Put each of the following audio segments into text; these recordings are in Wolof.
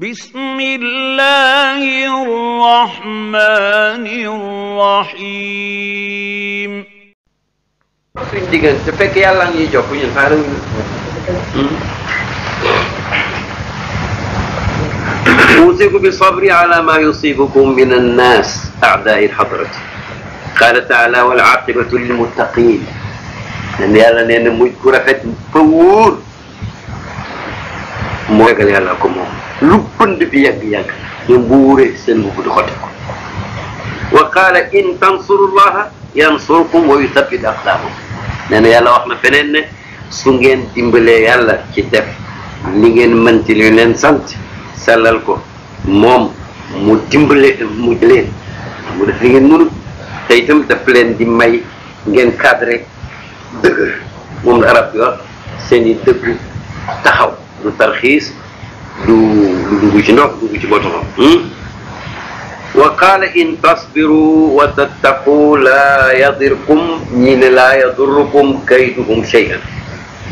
بسم الله الرحمن الرحيم أوصيكم بالصبر على ما يصيبكم من الناس أعداء الحضرة قال تعالى والعاقبة للمتقين أن يالا نينا مجكورة فات بور موغل يالا كمو lu pënd bi yàgg-yàgg seen bu wuree seen mbubb di xotti ko wa qaala in tansurullaha yansurkum wa yusabbit aqdaamakum nee na feneen su ngeen dimbalee yàlla ci def li ngeen mën ci leen sant sellal ko moom mu dimbale mu leen mu def li ngeen mënut te itam daf leen di may ngeen cadré dëgër moom la arab bi seen i dëggu taxaw du tarxiis du du dugg ci ndox dugg ci botoxam hmm? wa qaala in tasbiru wa tattaqu laa yadirkum ñi ne laa yadurrukum kayduhum shay'an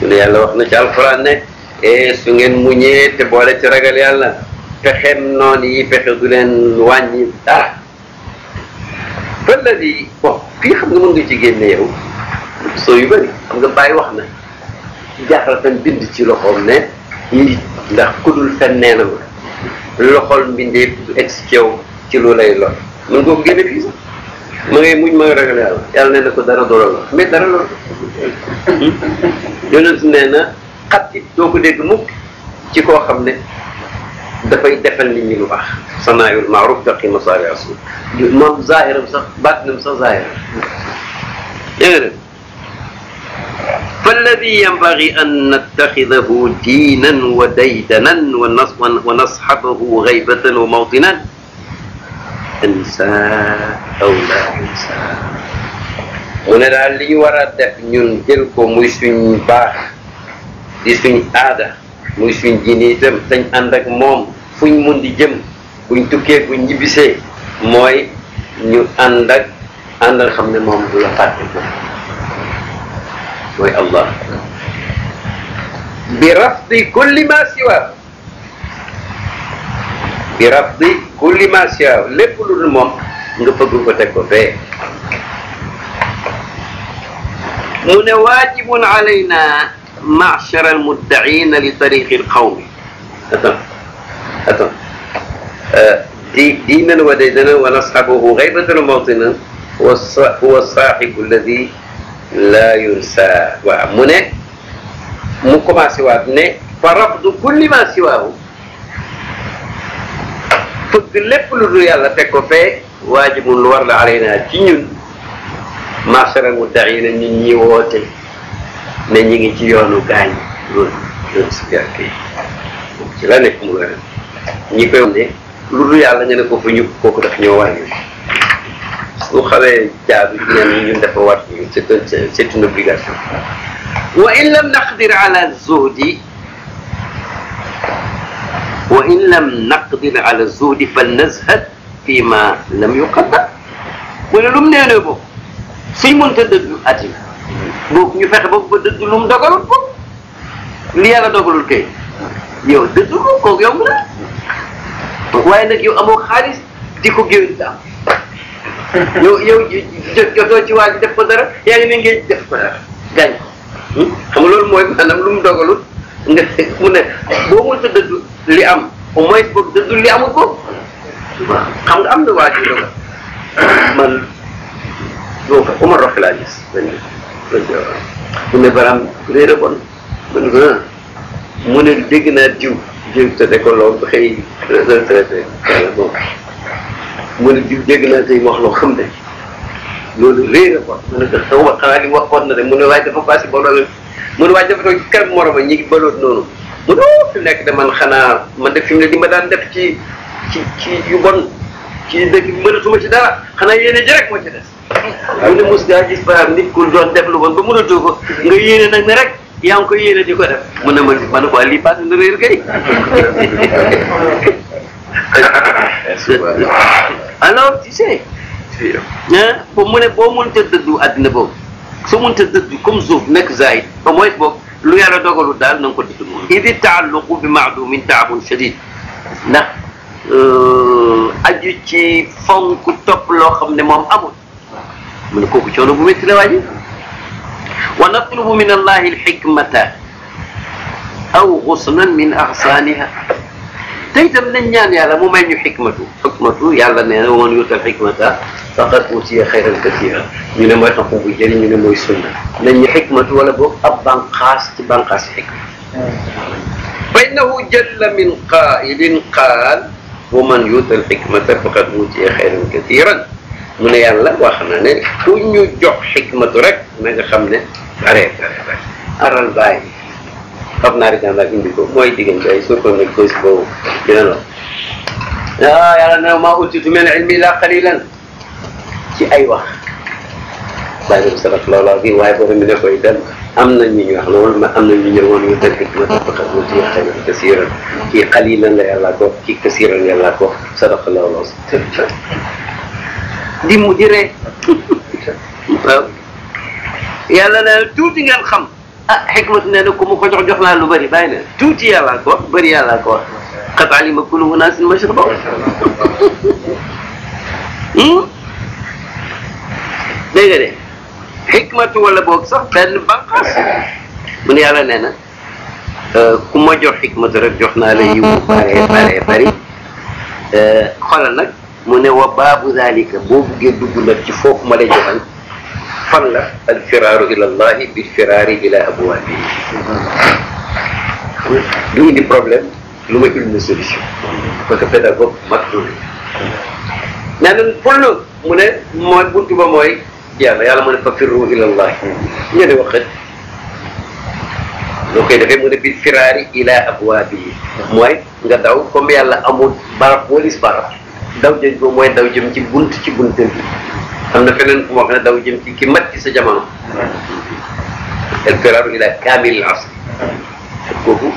mu ne yàlla wax na ci alquran ne e su ngeen muñee te boole ci ragal yàlla pexem noonu yi pexe du leen wàññi dara falladi bon fii xam nga mën nga ci génne yow soo yu bëri xam nga bàyyi wax na jaaxal tan bind ci loxoom ne yi ndax kudul fen nee na ma loxol mbindeef du egg ci yow ci lu lay lor mën nga ko génne fii sax ma ngay muñ ma nga ragal yàlla yàlla nee na ko dara doola lor mais dara lor yonent nee na xat it doo ko dégg mukk ci koo xam ne dafay defal ni ñi lu baax sanaayul maaruf taqi masaari asu moom zaahiram فالذي ينبغي أن نتخذه دينا وديدنا ونصحبه غيبة وموطنا إنسان أو لا إنسان هنا لعلي ورد في نجلكم ويسوين باخ ويسوين آدة ويسوين جينيزم تن عندك موم فين من دي جم وين تكيك وين جبسي موي نيو عندك عندك خمنا موم بلا فاتحكم وهي الله برفض كل ما سواه برفض كل ما سواه لكل lu dul moom nga bëgg ko teg معشر المدعين لطريق القوم أتم أتم أه، دي دينا وديدنا ونصحبه غيبة الموطن هو الصاحب الذي la yunsa wa mu mu commencé wat ne fa rafdu kulli ma siwahu fëgg lepp lu dul yalla tek ko fe waajibun lu war la alayna ci ñun xara mu dayi na ñi wote ne ñi ngi ci yoonu gañ lu lu si gàkk ci la nek mu gën ñi koy ne lu dul yalla ñene ko fu ñu ko daf ñoo wañu وإن لم نقدر على الزهد وإن لم نقدر على الزهد فلنزهد فيما لم يقدر ولو من أنا بو أتي بوك نفخ بوك بدد لوم دغل بوك لي أنا دغل كي يو دد لوم كو يوم لا وين يو أمو خالص ديكو جيو دام yow yow jotoo ci waa ji def ko dara yaa ngi ne ngay def ko dara gaañ ko hmm? xam nga mooy maanaam lu mu dogalul nga mu ne boo mënut a dëddu li am au moins boobu dëddu li ko xam nga am na waa ji dogal man boo ko mu ne baraam réer a bon man ah. dégg naa jiw jiw te de ko loolu xëy retraité wala bon mu ne jiw dégg naa tey mu wax loo xam ne loolu réer a ko mu ne ko sama xanaa li mu waxoon na de mu ne waaye dafa passé ba loolu mu ne waaye dafa toog ci kanam moroma ñi ngi baloot noonu mu ne fi nekk de man xanaa man def fi mu ne li ma daan def ci ci ci yu bon ci dëkk bi mënatuma xanaa yéene ji rek moo ci des mu ne mos ngaa gis ba nit ku doon def lu ba mënatoo ko nga yéene nag ko yéene di ko def mu ne ma man quoi lii passé na alors tu sais ah ba mu ne boo mënta dëddu àddina dëddu comme suuf nekk zaay ba mooy boobu lu yàlla dogalu daal na ko dëddu idi taalluqu bi maadumin taabun shadid ndax aju ci fonk topp loo xam ne amul mu ne kooku coono bu métti la waa wa natlubu min allahi alxikmata aw xusnan min axsaaniha te itam nañ ñaan yàlla mu may ñu xikmatu xikmatu yàlla nee na man yutal xikmata faqat utiya xayran katira ñu ne mooy xam-xam bu jëriñ ñu ne mooy sunna nañ ñu xikmatu wala boog ab banqaas ci banqaas xikma fa innahu jalla min qaa'ilin qaal wa man yutal xikmata faqat utiya xayran katiran mu ne yàlla wax na ne ku ñu jox xikmatu rek na nga xam ne bare bare bare aral bàyyi kabnaari jaan laakiin biko way digan jaay soo koobnay qoyskoo bilano yaa yalana ma utitu min cilmi ilaa qaliilan ci ay wax baalim salaf looloogii waaye bari mi ne koy dem am na ñu ñu wax lool ma am na ñu ñëw woon ñu dëgg ma tabbata mu ci waxee na kasiiran kii qaliilan la yàlla ko kii kasiiran yàlla ko sadaq looloo di mu di ree waaw yàlla na tuuti ngeen xam ah xikmat nee na ku mu ko jox jox laa lu bëri bàyyi na tuuti yàllaa ko wax bëri yàllaa ko wax qad alima kullu unaasin mashrabahum dégg nga de xikmatu wala boog sax benn banqaas mu ne yàlla nee na euh, ku ma jox xikmatu rek jox naa la yiw bu bare bare bëri euh, xoolal nag mu ne wa baabu zalika boo buggee dugg nag ci foofu ma lay joxal fan al firaaru ila allahi bi firaari ila abwaabi du indi problème lu ma une solution parce que pédagogue mag du ne nee pour lu mu ne mooy buntu ba mooy yàlla yàlla mu ne fa firru ila firaari ila abwaabi mooy nga daw comme yàlla amul barab walis barab daw jëj boobu mooy daw jëm ci ci am na feneen ku wax ne daw jëm ki mat ci sa jamono el firaru ila kaamil asr kooku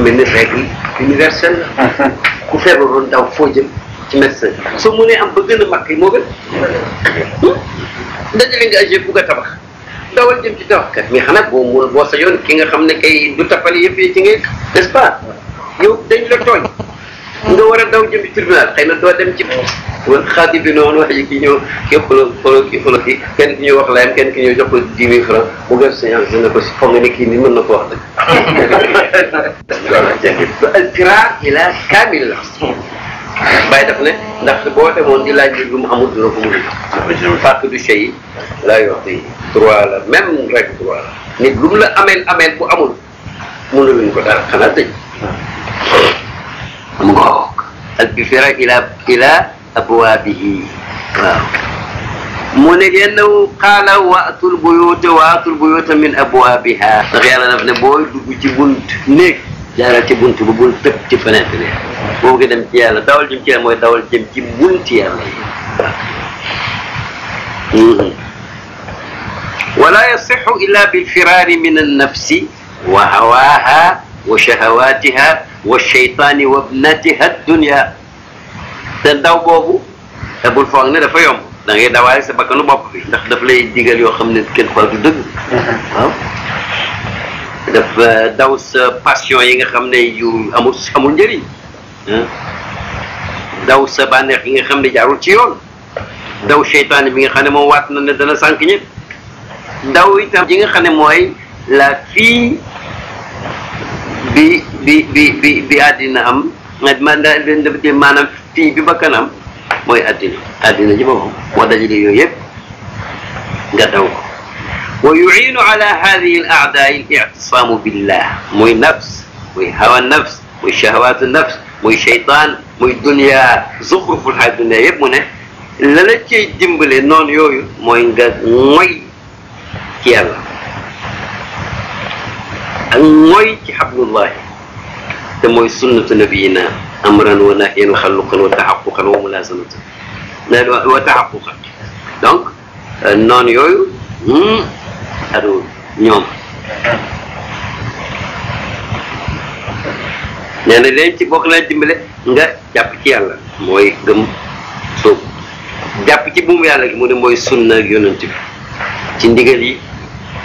mel ni règle universelle la ku feebaroon daw foo jëm ci médecin soo mënee am ba gën a mag moo gën dajale nga aje bugg a tabax dawal jëm ci tabax kat mais xanaa boo mun boo sa ki nga xam ne kay du tapale yëpp yi ci ngay n'est-ce pas nga war a daw jëm ci tribunal xëy na doo dem ci wala xaati bi noonu wax ji ki ñëw ki xolo xolo ki xolo ki kenn ki ñëw wax layam kenn ki ñëw jox ko dix mille francs mu gën séance dina ko si foog nga ne kii ni mën na ko wax dëgg alsira ila kaamil la bàyyi daf ne ndax boo demoon di laaj bi lu mu amul dina ko mën a fàq du chey laa yox ti droit la même rek droit la nit lu mu la ameel ameel bu amul mënuluñ ko dara xanaa dëj واو البشرى إلى إلى أبوابه من لأنه قال وقت البيوت وقت البيوت من أبوابها غير أنا بن بوي جبنت نيك jaara ci bunt bu bul tëb ci fenêtre yi boo ko dem ci yàlla dawal jëm ci yàlla mooy dawal jëm ci ولا يصح إلا بالفرار من النفس وهواها وشهواتها والشيطان وابنتها الدنيا te daw boobu te bul foog ne dafa yomb da ngay dawaale sa bakkanu bopp bi ndax daf lay digal yoo xam ne kenn xool du dëgg waaw ah? daf euh, daw sa passion yi nga xam ne yu amul amul njëriñ ah? daw sa bànneex yi nga xam ne jaarul ci yoon daw seytaane bi nga xam ne moom waat na ne dana sànq ñëpp daw itam yi nga xam ne mooy la fii bi bi bi bi bi àddina am man da maanaam fii bi bakkan am mooy àddina àddina ji boppam moo dajale yooyu yëpp nga daw ko wa yuinu ala hadihi al aadaa al ictisaamu billah muy nafs muy hawa nafs muy shahwaatu nafs muy shaytaan muy dunia zuxruful xaal dunia yëpp mu ne la la cay dimbale noonu yooyu mooy nga moy ci yàlla ak mooy ci xablullahi te mooy sunnatu nabiyina amran wa nahyan wa xalluqan wa taxaquqan wa mulaasamatan wa taxaquqan donc euh, noonu yooyu hmm, adu ñoom nee na leen ci bokk jàpp ci yàlla mooy gëm sóob jàpp buum yàlla gi mu mooy sunna ak yonent bi ci ndigal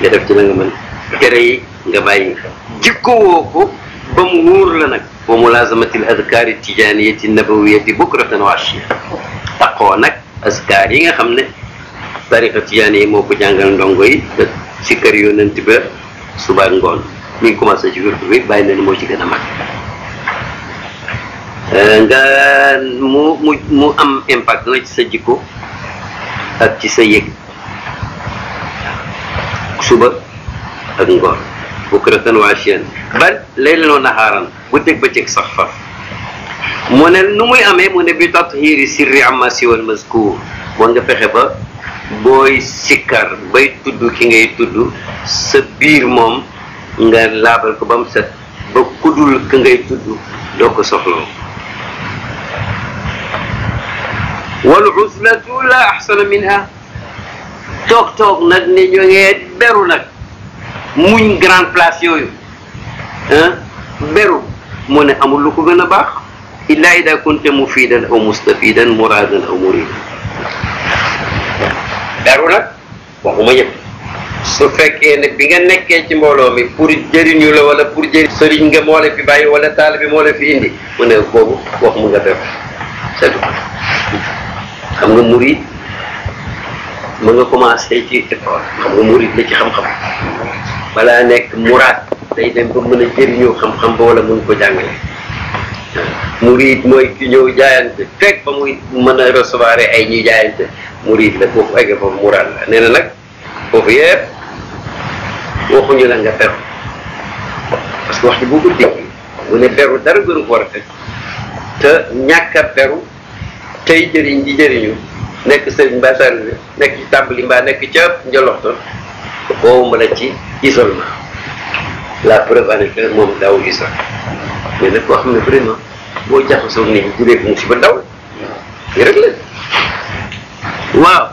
nga def ci la yi nga bàyyi jikkowoo ko ba mu wóor la nag wa mulazamatil azkaari tijaaniyati nabawiyati bukratan wa ashiya taqoo nag azkaar yi nga xam ne tariqa tijaan yi moo ko jàngal ndongo yi te si kër yonent ba suba ak ngoon mi ngi commencé ci wérdu ci gën euh, mu am impact na ci sa jikko ak ci sa yëg suba ak ngoon bukratan wa ashiyan bal laylan wa naharan guddeeg bëccëg sax fa mu ne nu muy amee mu ne bi tathiri sirri amma siwal mazkur war nga fexe ba booy sikkar bay tudd ki ngay tudd sa biir moom nga laabal ko ba set ba kudul ka ngay tudd doo ko soxloo wal uslatu la ahsana minha tok tok nag ne ñoo ngee beru nag muñ grand place yooyu beru mu ne amul lu ko gën a baax illaa ida kunte mufidan aw mustafidan muradan aw muridan beru nag waxuma yëpp su fekkee ne bi nga nekkee ci mbooloo mi pour jëriñu la wala pour jëriñ sëriñ nga moo la fi bàyyi wala taalibi moo la fi indi mu ne boobu wax mu nga beru xam nga murid mën nga commencé ci école xam nga murid la ci xam-xam balaa nekk muraad day dem ba mën a jëriñoo xam-xam ba wala mën ko jàngale murid mooy ki ñëw jaayante fekk ba muy mën a recevoir ay ñuy jaayante murid la foofu eggee foofu muraad la nee na nag foofu yëpp waxuñu la nga beru parce que wax ji bu ko dégg mu ne beru dara gënu ko war a fekk te ñàkk a beru tey jëriñ di jëriñu nekk sëriñ mbaa sànni nekk ci tàmbali mbaa nekk ca njoloxtoon waxuma la ci isolement la preuve en est moom daaw isolé mais nag koo xam ne vraiment boo jaxasoo nit ñi juree ko musiba ndaw yi rek la waaw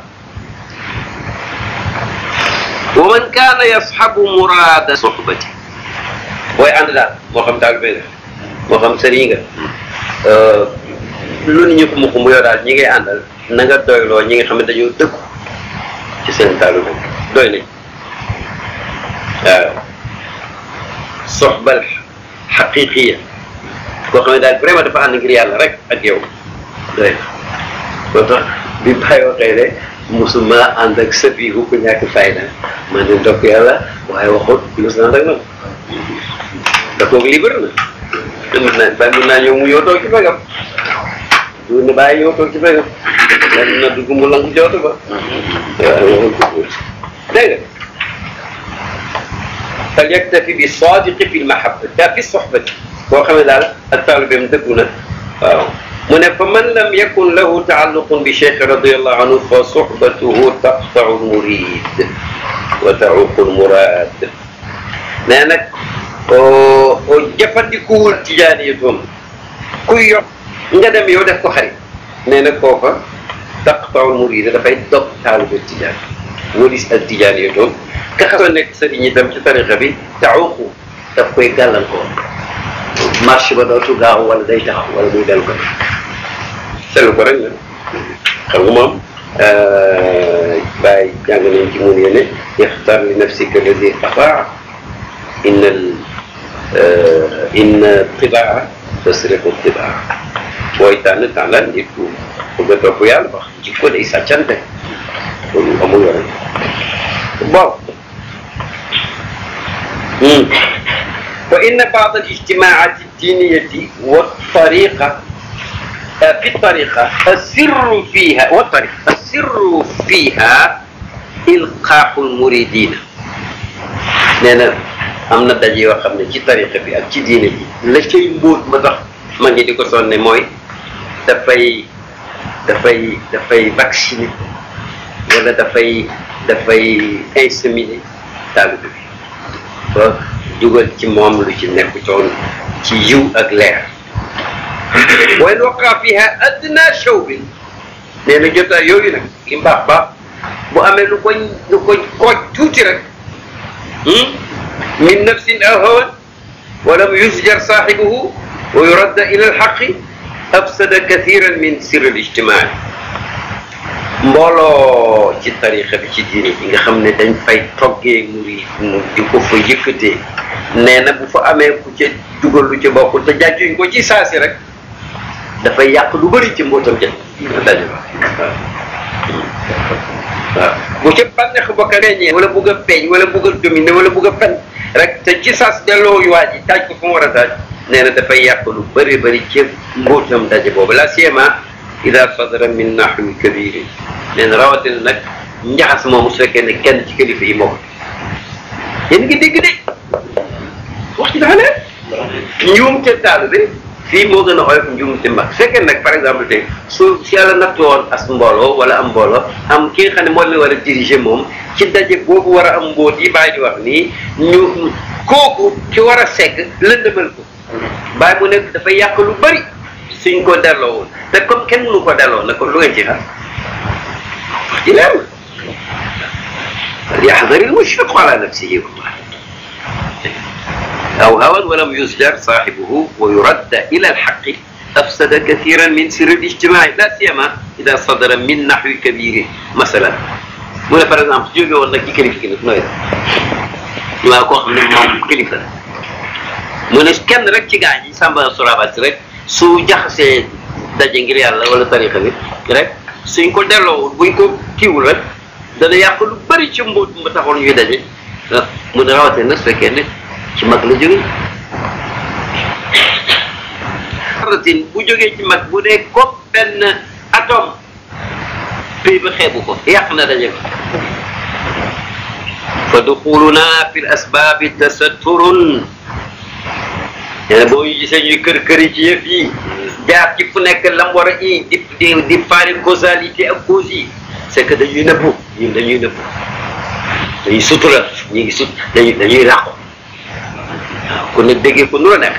wa man kaana yasxabu muraada soxbati booy ànd daal moo xam taalibe nga moo xam sëriñ nga lu ñu ko mu ko mu yoo daal ñi ngay àndal na nga doyloo ñi nga xam ne dañoo dëkku ci doy nañ sohbal hakiki, boo xam ne vraiment dafa ànd ngir yàlla rek ak yow day boo tax bi bàyyi waxee musuma ànd ak sëb yi ko ñàkk fayda man ne ndokk yàlla waaye waxut mos naa nag nag dakoog libre na mën naa فليكتفي بالصادق في المحبة لا في الصحبة وخم الفعل بمدكنا آه. من فمن لم يكن له تعلق بشيخ رضي الله عنه فصحبته تقطع المريد وتعوق المراد لأنك آه، وجفت كل تجانيتهم كل يوم ندم يودا كخري لأنك كوفا تقطع المريد لفايد دقتال بالتجاني وليس التجانيتهم ka xaw a nekk sëriñ itam ci tarixa bi taxuqu daf koy gàllankoor marche ba dootu gaaw wala day taxaw wala muy dellu ko seetlu ko rek na xam nga moom euh, bàyyi jàng nañ ci mun yéene ixtar li nafsika alladi qataa inna euh, inna tibaa tasriqu tibaa booy tànn tànnal nit ku bëgg a topp yàlla wax jikko day sàccante loolu amul yoon bon وإن بعض الاجتماعات الدينية والطريقة آه، في الطريقة السر فيها والطريقة السر فيها إلقاء المريدين لأن أمنا دجي وخمنا في طريقة في الدين لكي موت مدخ ما نجد كسون نموي دفاي دفاي دفاي باكسيني ولا دفاي دفاي انسميني تالي dafa dugal ci moom lu ci nekkutoon ci yiw ak leer wayn waqa fiha adna shawbin nee na jotaay yooyu nag li mbaax baax bu amee lu ko lu ko kooj tuuti rek min nafsin aw hawan walam yusjar saaxibuhu wa yuradda ila alxaqi afsada kathiran min sir alijtimaai mbooloo ci tarixa bi ci diine bi nga xam ne dañ fay toggee murid mu di ko fa yëkkatee nee na bu fa amee ku ca dugal lu ca bokkul te jàccuñ ko ci saasi rek dafay yàq lu bari ci mbootam jën daje waaw bu ca bànneex ba ka wala bugg a peeñ wala bugg a dominer wala bugg a rek te ci saas delloo yu waa ji taaj ko fu mu war a taaj nee na dafay yàq lu bëri bari ci mbootam daj boobu la siema ida sadra min nahwi kabirin leen rawatina nag njaxas moomu su fekkee ne kenn ci kilifa yi moo ko yéen ngi dégg de wax ci daanee njuum te taal bi fii moo gën a oyof njuum te mag su par exemple tey su si yàlla nattu as mbooloo wala am mbooloo am ki nga xam moo moom ci daje boobu war a am mbóot yi bàyyi wax nii ñu kooku ci war a segg lëndëmal ko bàyyi mu nekk dafa yàq lu bari suñ ko delawul te comme kenn mu ko delaw na ko lu nga ci xam ci lem li yahdhar al mushriq ala nafsihi wa أو هوى ولم يزجر صاحبه ويرد إلى الحق أفسد كثيرا من سر الاجتماع لا سيما إذا صدر من نحو كبير مثلا مولا فرز عم تجوبي وانا كي كلفة كلفة نوية لا أقوى من المعلم كلفة مولا كان ركي قاعد يسامبا صرابات ركي su se daje ngir yalla wala tariqa bi rek suñ ko delloowul buñ ko kiwul rek na yàq lu bari ci mbot mu taxone ñu dajé ah, mu ne rawatee na fekkee ne ci mag la jóge ratin bu jógee ci mag bu dee ko ben atom bi bi xébu ko yàq na dajé ko dukhuluna fil asbab tasatturun nee na boo ñu gisee ñuy kër kër yi ci yëf yi jaar ci fu nekk lam war a i di di di faari causalité ak cause yi c'est que dañuy nëbbu ñun dañuy nëbbu dañuy sutura ñu ngi sut dañuy dañuy làqu waaw ku ne déggee ko nu la nekk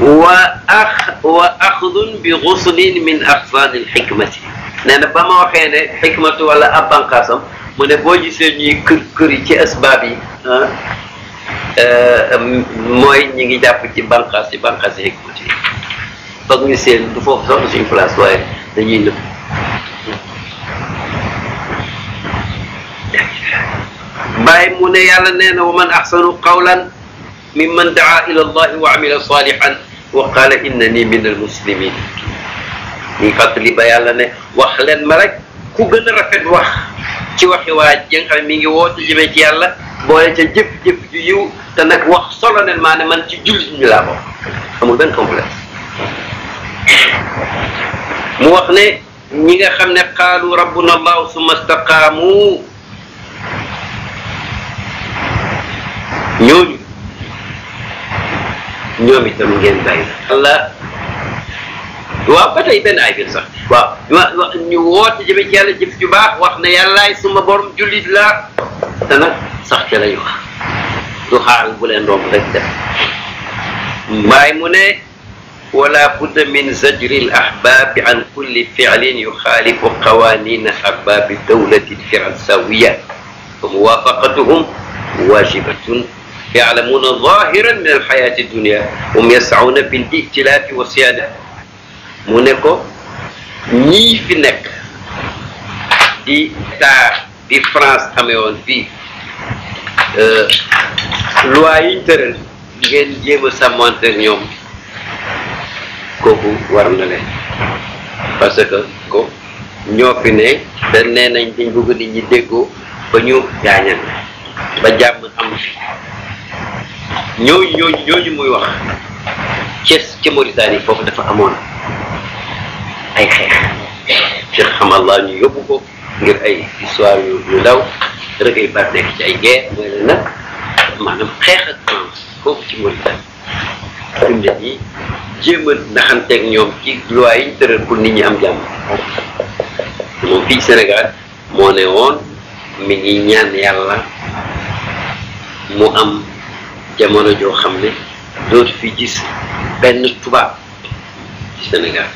wa ax wa axdun bi xuslin min axsaani lxikmati nee na ba ma waxee ne xikmatu wala ab bànqaasam mu ne boo gisee ñuy kër kër yi ci asbaab yi moy ñi ngi japp ci bankas ci bankas yi ko ci foog ñu seen du fofu sax ci place way dañuy nëb bay mu ne yalla neena wa man ahsanu qawlan mimman daa ila allah wa amila salihan wa qala innani min al muslimin ni fatli ba yalla ne wax len ma rek ku gëna rafet wax ci waxi waaj jeng xam mi ngi woote jëme ci yalla boole ca jëf-jëf ju yiw te nag wax solo nen maa ne man ci jullit ñu laa bokk amul benn complexe mu wax ne ñi nga xam ne qaalu rabbuna allahu summa staqaamu ñooñu ñoom itam ngeen bàyyi Allah waaw ba tey benn ay biir sax waaw wa ñu woote jëme ci yàlla jëf ju baax wax na yàllaay suma borom jullit laa te nag sax ca lañu wax du xaar bu leen romb rek def mbaay mu ne ولا بد من زجر الأحباب عن كل فعل يخالف قوانين أحباب الدولة الفرنساوية فموافقتهم واجبة يعلمون ظاهرا من الحياة الدنيا هم يسعون بالائتلاف والسيادة mu ne ko ñii fi nekk di taar di France amee woon fii euh, loi yiñ tëral ngeen jéem a sàmmante ak ñoom kooku war na leen parce que ko ñoo fi ne te nee nañ dañ bugg nit ñi déggoo ba ñu jaañan ba jàmm am ñooñu ñooñu ñooñu muy wax ca ca Mauritanie foofu dafa amoon ay xeex Cheikh Hamallah ñu yóbbu ko ngir ay histoire yu yu ndaw rek ay bar nekk ci ay guerre mooy la nag maanaam xeex ak France foofu ci Mauritanie suñu nit ñi jéem ñoom ci loi yi tëral pour nit ñi am jàmm moom fii Sénégal moo ne woon mi ngi ñaan yàlla mu am jamono joo xam ne dootu fi gis benn tubaab ci Sénégal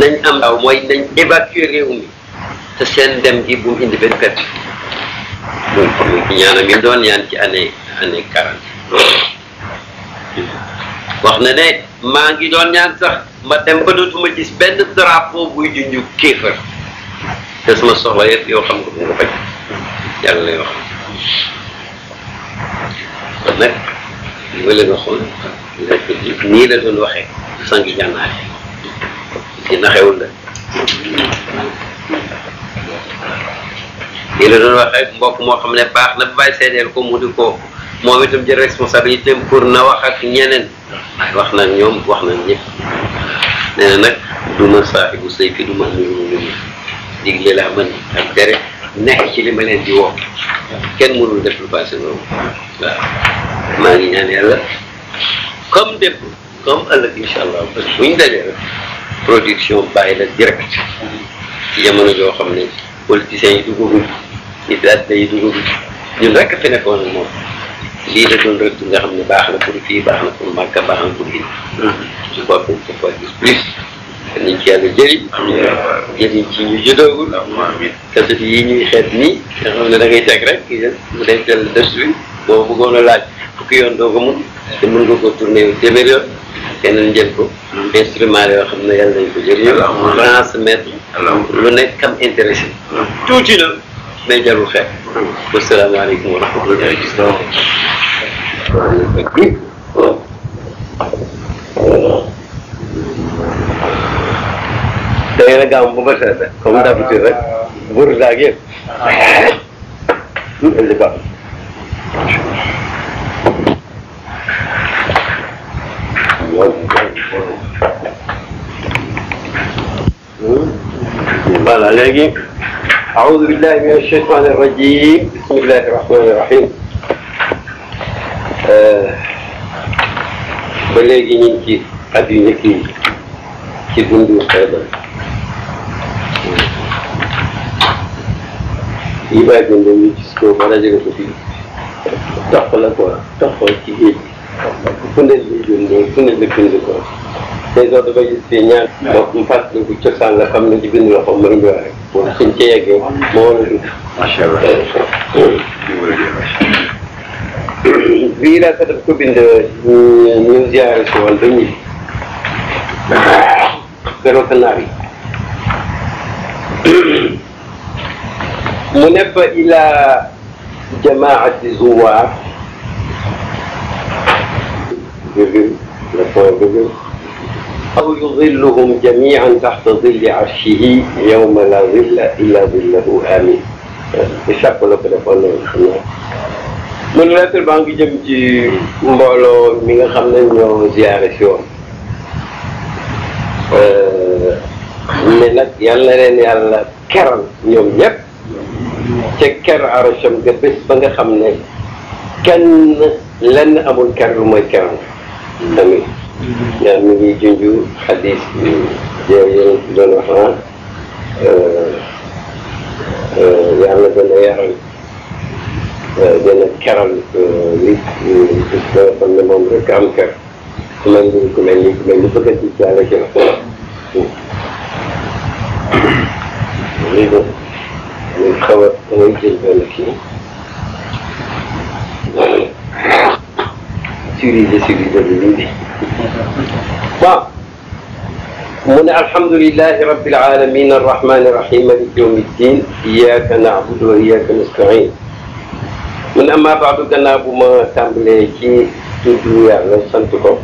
nañ am daaw mooy nañ évacuer réew mi te seen dem gi bu mu indi benn perte muy doon ñaan ci année année wax na ne maa ngi doon ñaan sax ma dem ba dootuma gis benn drapeau buy junju kéefër te ma soxla yëpp yow xam nga bu nga faj yàlla lay nag li ma nekk ci nii la doon waxee sangi jànnaare ci naxewul la nii la doon waxee mbokk moo xam ne baax na bàyyi seedeel ko mu di ko moom itam jël responsabilité pour na wax ak ñeneen waaye wax na ñoom wax na ñëpp nee na nag du ma saaxibu sëy fi du ma amee mu digle laa mën ak tere nekk ci li ma leen di woo kenn mënul def lu passé loolu waaw maa ñaan yàlla comme dépp comme ëllëg allah parce que bu ñu dajee rek production bàyyi la direct ci jamono joo xam ne politiciens yi duggagul ñi ñun rek fi nekkoon moom lii la doon rëdd nga xam ne baax na pour fii baax na pour Màkka baax na pour fii su boppam su ko gis plus nañ ci yàlla jëriñ jëriñ ci ñu judoogul kaset yi ñuy xeet nii nga xam ne da ngay teg rek mu denc la def bi boo bëggoon laaj fukki yoon doo te mun nga ko tourné yu téeméer yoon keneen jël ko instrument la yoo xam ne yàlla nañ ko jëriñoo lu nekk kam intéressé tuuti na mais jarul xeet wasalaamaaleykum wa rahmatullahi tey nag am bu ba seet comme d'habitude rek buur daag yëpp ah. قال عليك أعوذ بالله من الشيطان الرجيم بسم الله الرحمن الرحيم ba léegi ñu ngi ci àddina kii ci dundu xeebal yi bàyyi ko ñu gis ko ba la jege ko fii toq la quoi toq ci géej parce que fu ne lii dundee fu ne la bind ko tey soo dafay gis fii ñaar. waaw mu fàttaliku cosaan la xam ne ci bind loxo mu indiwaat rek. moom suñ ca yeggee moo war a dund. macha allah bii laa ko def ko bind ñu ñu ziare si woon ba ñibbi. keroog naar yi. mu ne fa ila jamaati zuwaar. بغل لفوق بغل أو يظلهم جميعا تحت ظل عرشه يوم لا ظل إلا ظله آمين إشاك ولا كده فانا من الناس تربانك جمجي مبالو من خمنا نيو زيارة شو أه، من لا يالنا رين يالنا كرم نيو نيب تكر عرشم قبس بانك خمنا كان لن أبو الكرم ويكرم tamit ñaar mi ngi junj xadis jeew yéen doon wax naan yàlla dana yaral dana keral nit gis ba moom rek am ker su mel ni ku mel ni ku mel ni bëgg a yàlla ci la lii nag muy xaw muy jël benn kii تريد تريد ف من الحمد لله رب العالمين الرحمن الرحيم مالك يوم الدين اياك نعبد واياك نستعين من اما بعد كنا بما تملك تدعو يا سنتكم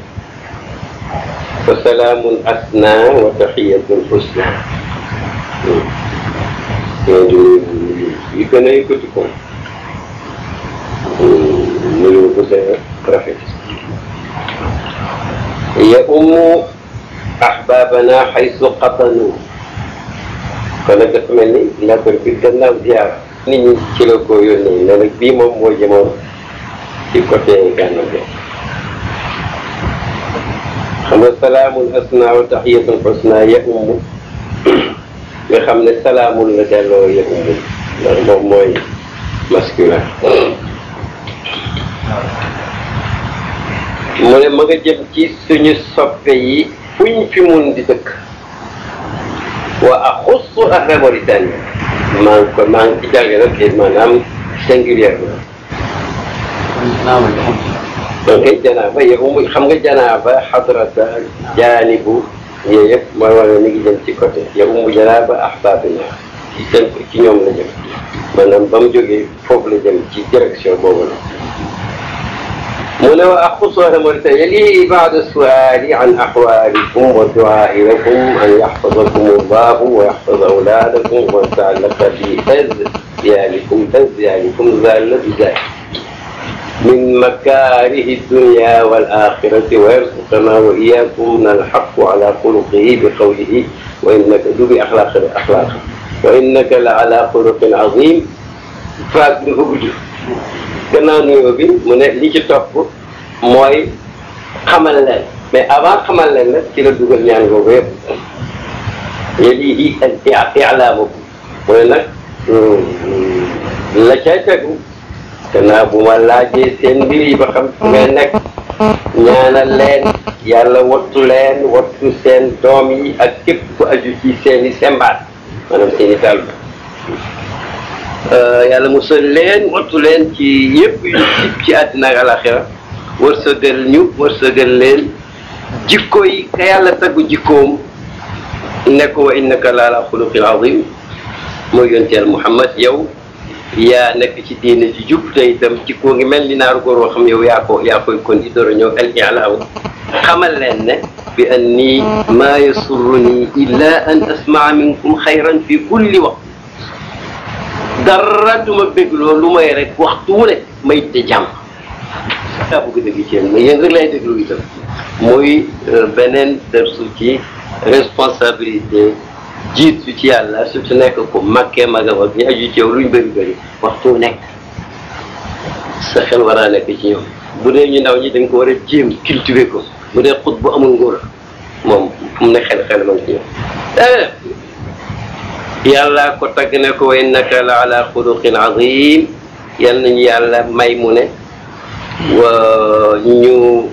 فسلام اثنى وتحيه الحسنى يكون يكتكم نلوكو yaumu ahbabana xaysu qatanu kon nag bi gannaaw ziar nit ñi ci la ko yónnee ne nag bii moom moo jëmoon bi xam nga salaamul asna wa taxiyatul xusna ya umm nga xam ne salaamul la mu ne ma nga jëm ci suñu soppe yi fuñ fi mun di dëkk wa axussu ahla Mauritanie maa ngi ko maa ngi ci jànge nag kii maanaam singulier la donc janaaba xam nga janaaba xadrata jaanibu yooyu yëpp mooy wane ni ngi jëm ci côté yow umbu janaaba ahbabina ci seen ci ñoom la jëm maanaam ba mu jógee foofu la jëm ci direction boobu ولو أخصها مرتجلي بعد السؤال عن أحوالكم والدعاء لكم أن يحفظكم الله ويحفظ أولادكم وتعلق في فز ذلكم فز ذلكم زالة ذلك من مكاره الدنيا والآخرة ويرزقنا وإياكم الحق على خلقه بقوله وإنك دب أخلاق الأخلاق وإنك لعلى خلق عظيم فأكله بجهد gannaaw nuyoo bi mu ne li ci topp mooy xamal leen mais avant xamal leen nag ci la dugal ñaan googu yëpp yalihi al-i'laamu mu ne nag hmm, la cay tegu gannaaw bu ma laajee seen mbir yi ba xam fi ngay nekk ñaanal leen yàlla wattu leen wattu seen doom yi ak képp aju ci seeni sembaat maanaam seeni tallu آه، يا المسلمين لين ورتو لين تي ييب ييب تي ادنا الاخره ورسدل نيو ورسدل لين جيكوي كي الله تاغو جيكوم نكو وانك لا خلق العظيم مو يونت محمد يو يا نك تي دين تي جوب تاي تام تي كوغي ملني نار غور وخم يو يا كو يا كو كون دي دورو نيو الاعلام خمل لين باني ما يسرني الا ان اسمع منكم خيرا في كل وقت dara du ma bég lu may rek waxtu wu ne ma itte jàmm daa bëgg dëgg ci yéen mais yéen lay déglu itam muy euh, beneen dersu ci responsabilité jiitu ci yàlla su nekk ko màkkee magam ak ñu aju ci yow luñ bëri bëri waxtu nekk sa xel war a nekk ci ñoom bu dee ñu ndaw ñi dañ ko war a jéem cultiver ko bu dee xut bu amul ngóor moom fu mu ne xel xel ma ngi ci ñoom eh! yàlla ko tagg ne ko wa innaka la ala xuluqin azim yàlla may mu ne wa ñu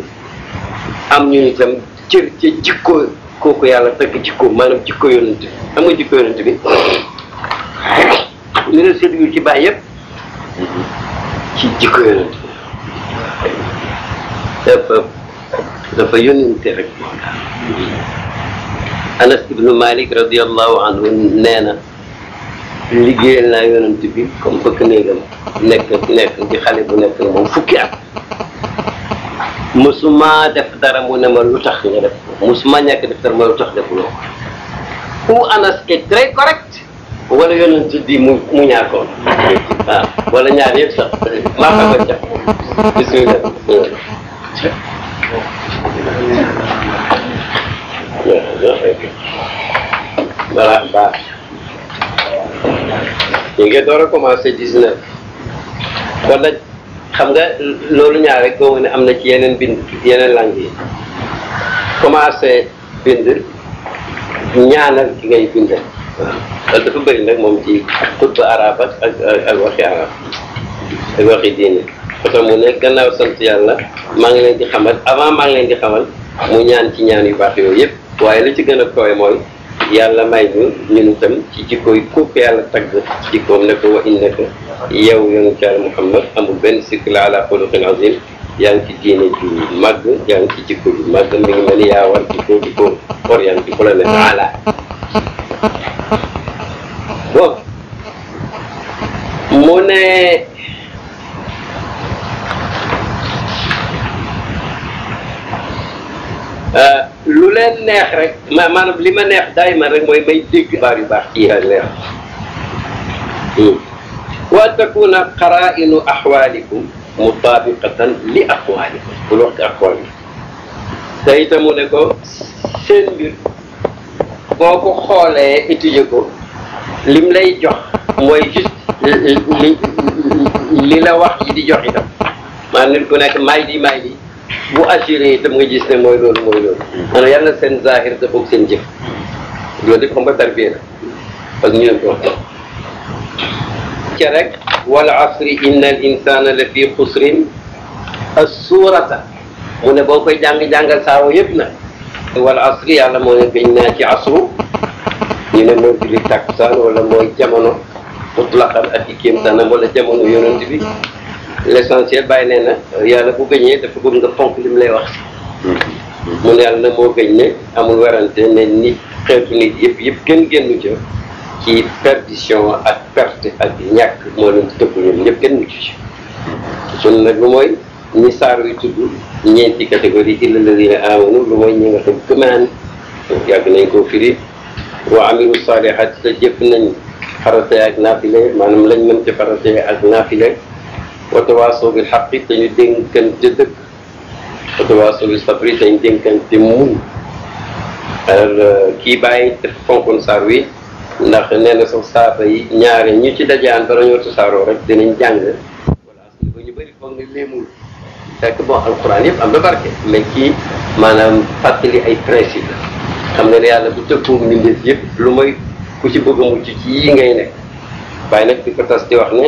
am ñu itam cër ca jikko kooku yàlla tagg jikko maanaam jikko yonent bi xam nga jikko yonent bi li nga séddu ci bàyyi yëpp ci jikko yonent bi dafa dafa yónnente rek moo tax anas ibnu malik radhiyallahu anhu nee na liggéeyal naa yonent bi comme fëkk néegam nekk nekk di xale bu nekk moom fukki at musuma def dara mu ne ma lu tax nga def musuma ñàkk def dara ma lu tax def loo ou anas est très correct wala yonent bi mu mu ñaakoon waaw wala ñaar yëpp sax maa ko ko jàpp Ya, jelas ya, lagi. Salah, eh, eh, eh, Pak. Yenge doora commencé gis na wala xam nga loolu ñaar rek boobu ne am ci yeneen bind yeneen langue yi commencé bind ñaanal ki ngay bind waaw dafa bëri nag moom ci xutba arab ak ak ak arab ak waxi diine parce gannaaw sant ngi leen di xamal avant maa ngi leen di xamal mu ñaan ci ñaan yu baax waaye li ci gën a koy mooy yàlla may ñu ñun itam ci jikkoy kupp yàlla tagg jikkoom ne ko wa innaka yow yonent yàlla muhammad amul benn sikk la ala xuluqin azim yaa ci diine ju màgg yaa ci jikko ju màgg mi ngi ni yaa war jikko di ko orienté ku la ne ala bon mu ne euh, lu leen neex rek ma maanaam li ma neex daay man rek mooy may dégg xibaar yu baax ci leer hmm. wa takuna qaraa'inu axwaalikum mutaabiqatan li aqwaalikum bul wax aqwaalikum te itam ne ko seen mbir boo ko xoolee étudier ko lim lay jox mooy juste li li la wax yi di jox itam maanaam nit ku nekk may di bu assuré itam nga gis ne mooy lool mooy loolu maanaam yàlla seen zahir da boog seen jëf loolu def xam nga tarbiya la ko wax ca rek wal asri inna al insana la fi xusrin as suurata mu ne boo koy jàng-jàngal saawo yëpp nag wal asri yàlla moo ne gëñ naa ci asru ñu ne mooy julli takkusaan wala mooy jamono mutlaqan ak i a wala jamono yonent bi l'essentiel bàyyi nee na yàlla bu gëñee dafa bëgg nga fonk li lay wax mm-hmm. mun yàlla moo gëñ ne amul werante ne nit xeetu nit yëpp yëpp kenn génnu ca ci perdition ak perte ak ñàkk moo leen di kenn mucc ci mm-hmm. sun nag lu mooy ñi saar wi tudd ñeenti catégorie illa ladina amanu lu mooy ñi nga xam gëmaan yàgg nañ koo firi wa amilu saalihaat te jëpp nañ farata ak naafile maanaam lañ mën ci farata ak naafile watawaasaw bil haqqi tinding kan dénkante dëgg bil sabri tinding kan dénkante muñ ki bay bàyyi dafa sarwi ndax neena na sax yi ñaare ñu ci dajaan ñu ci tasaaroo rek dinañ jang wala asli bu ñu bëri foog ne léemul fekk bon alquran yeb am barke mais ki manam fatali ay principe xam nga ne yàlla bu tëkkoog mbindeef yeb lu may ku ci bëgg mu ci ci ngay nek bay nak di ko tass di wax ne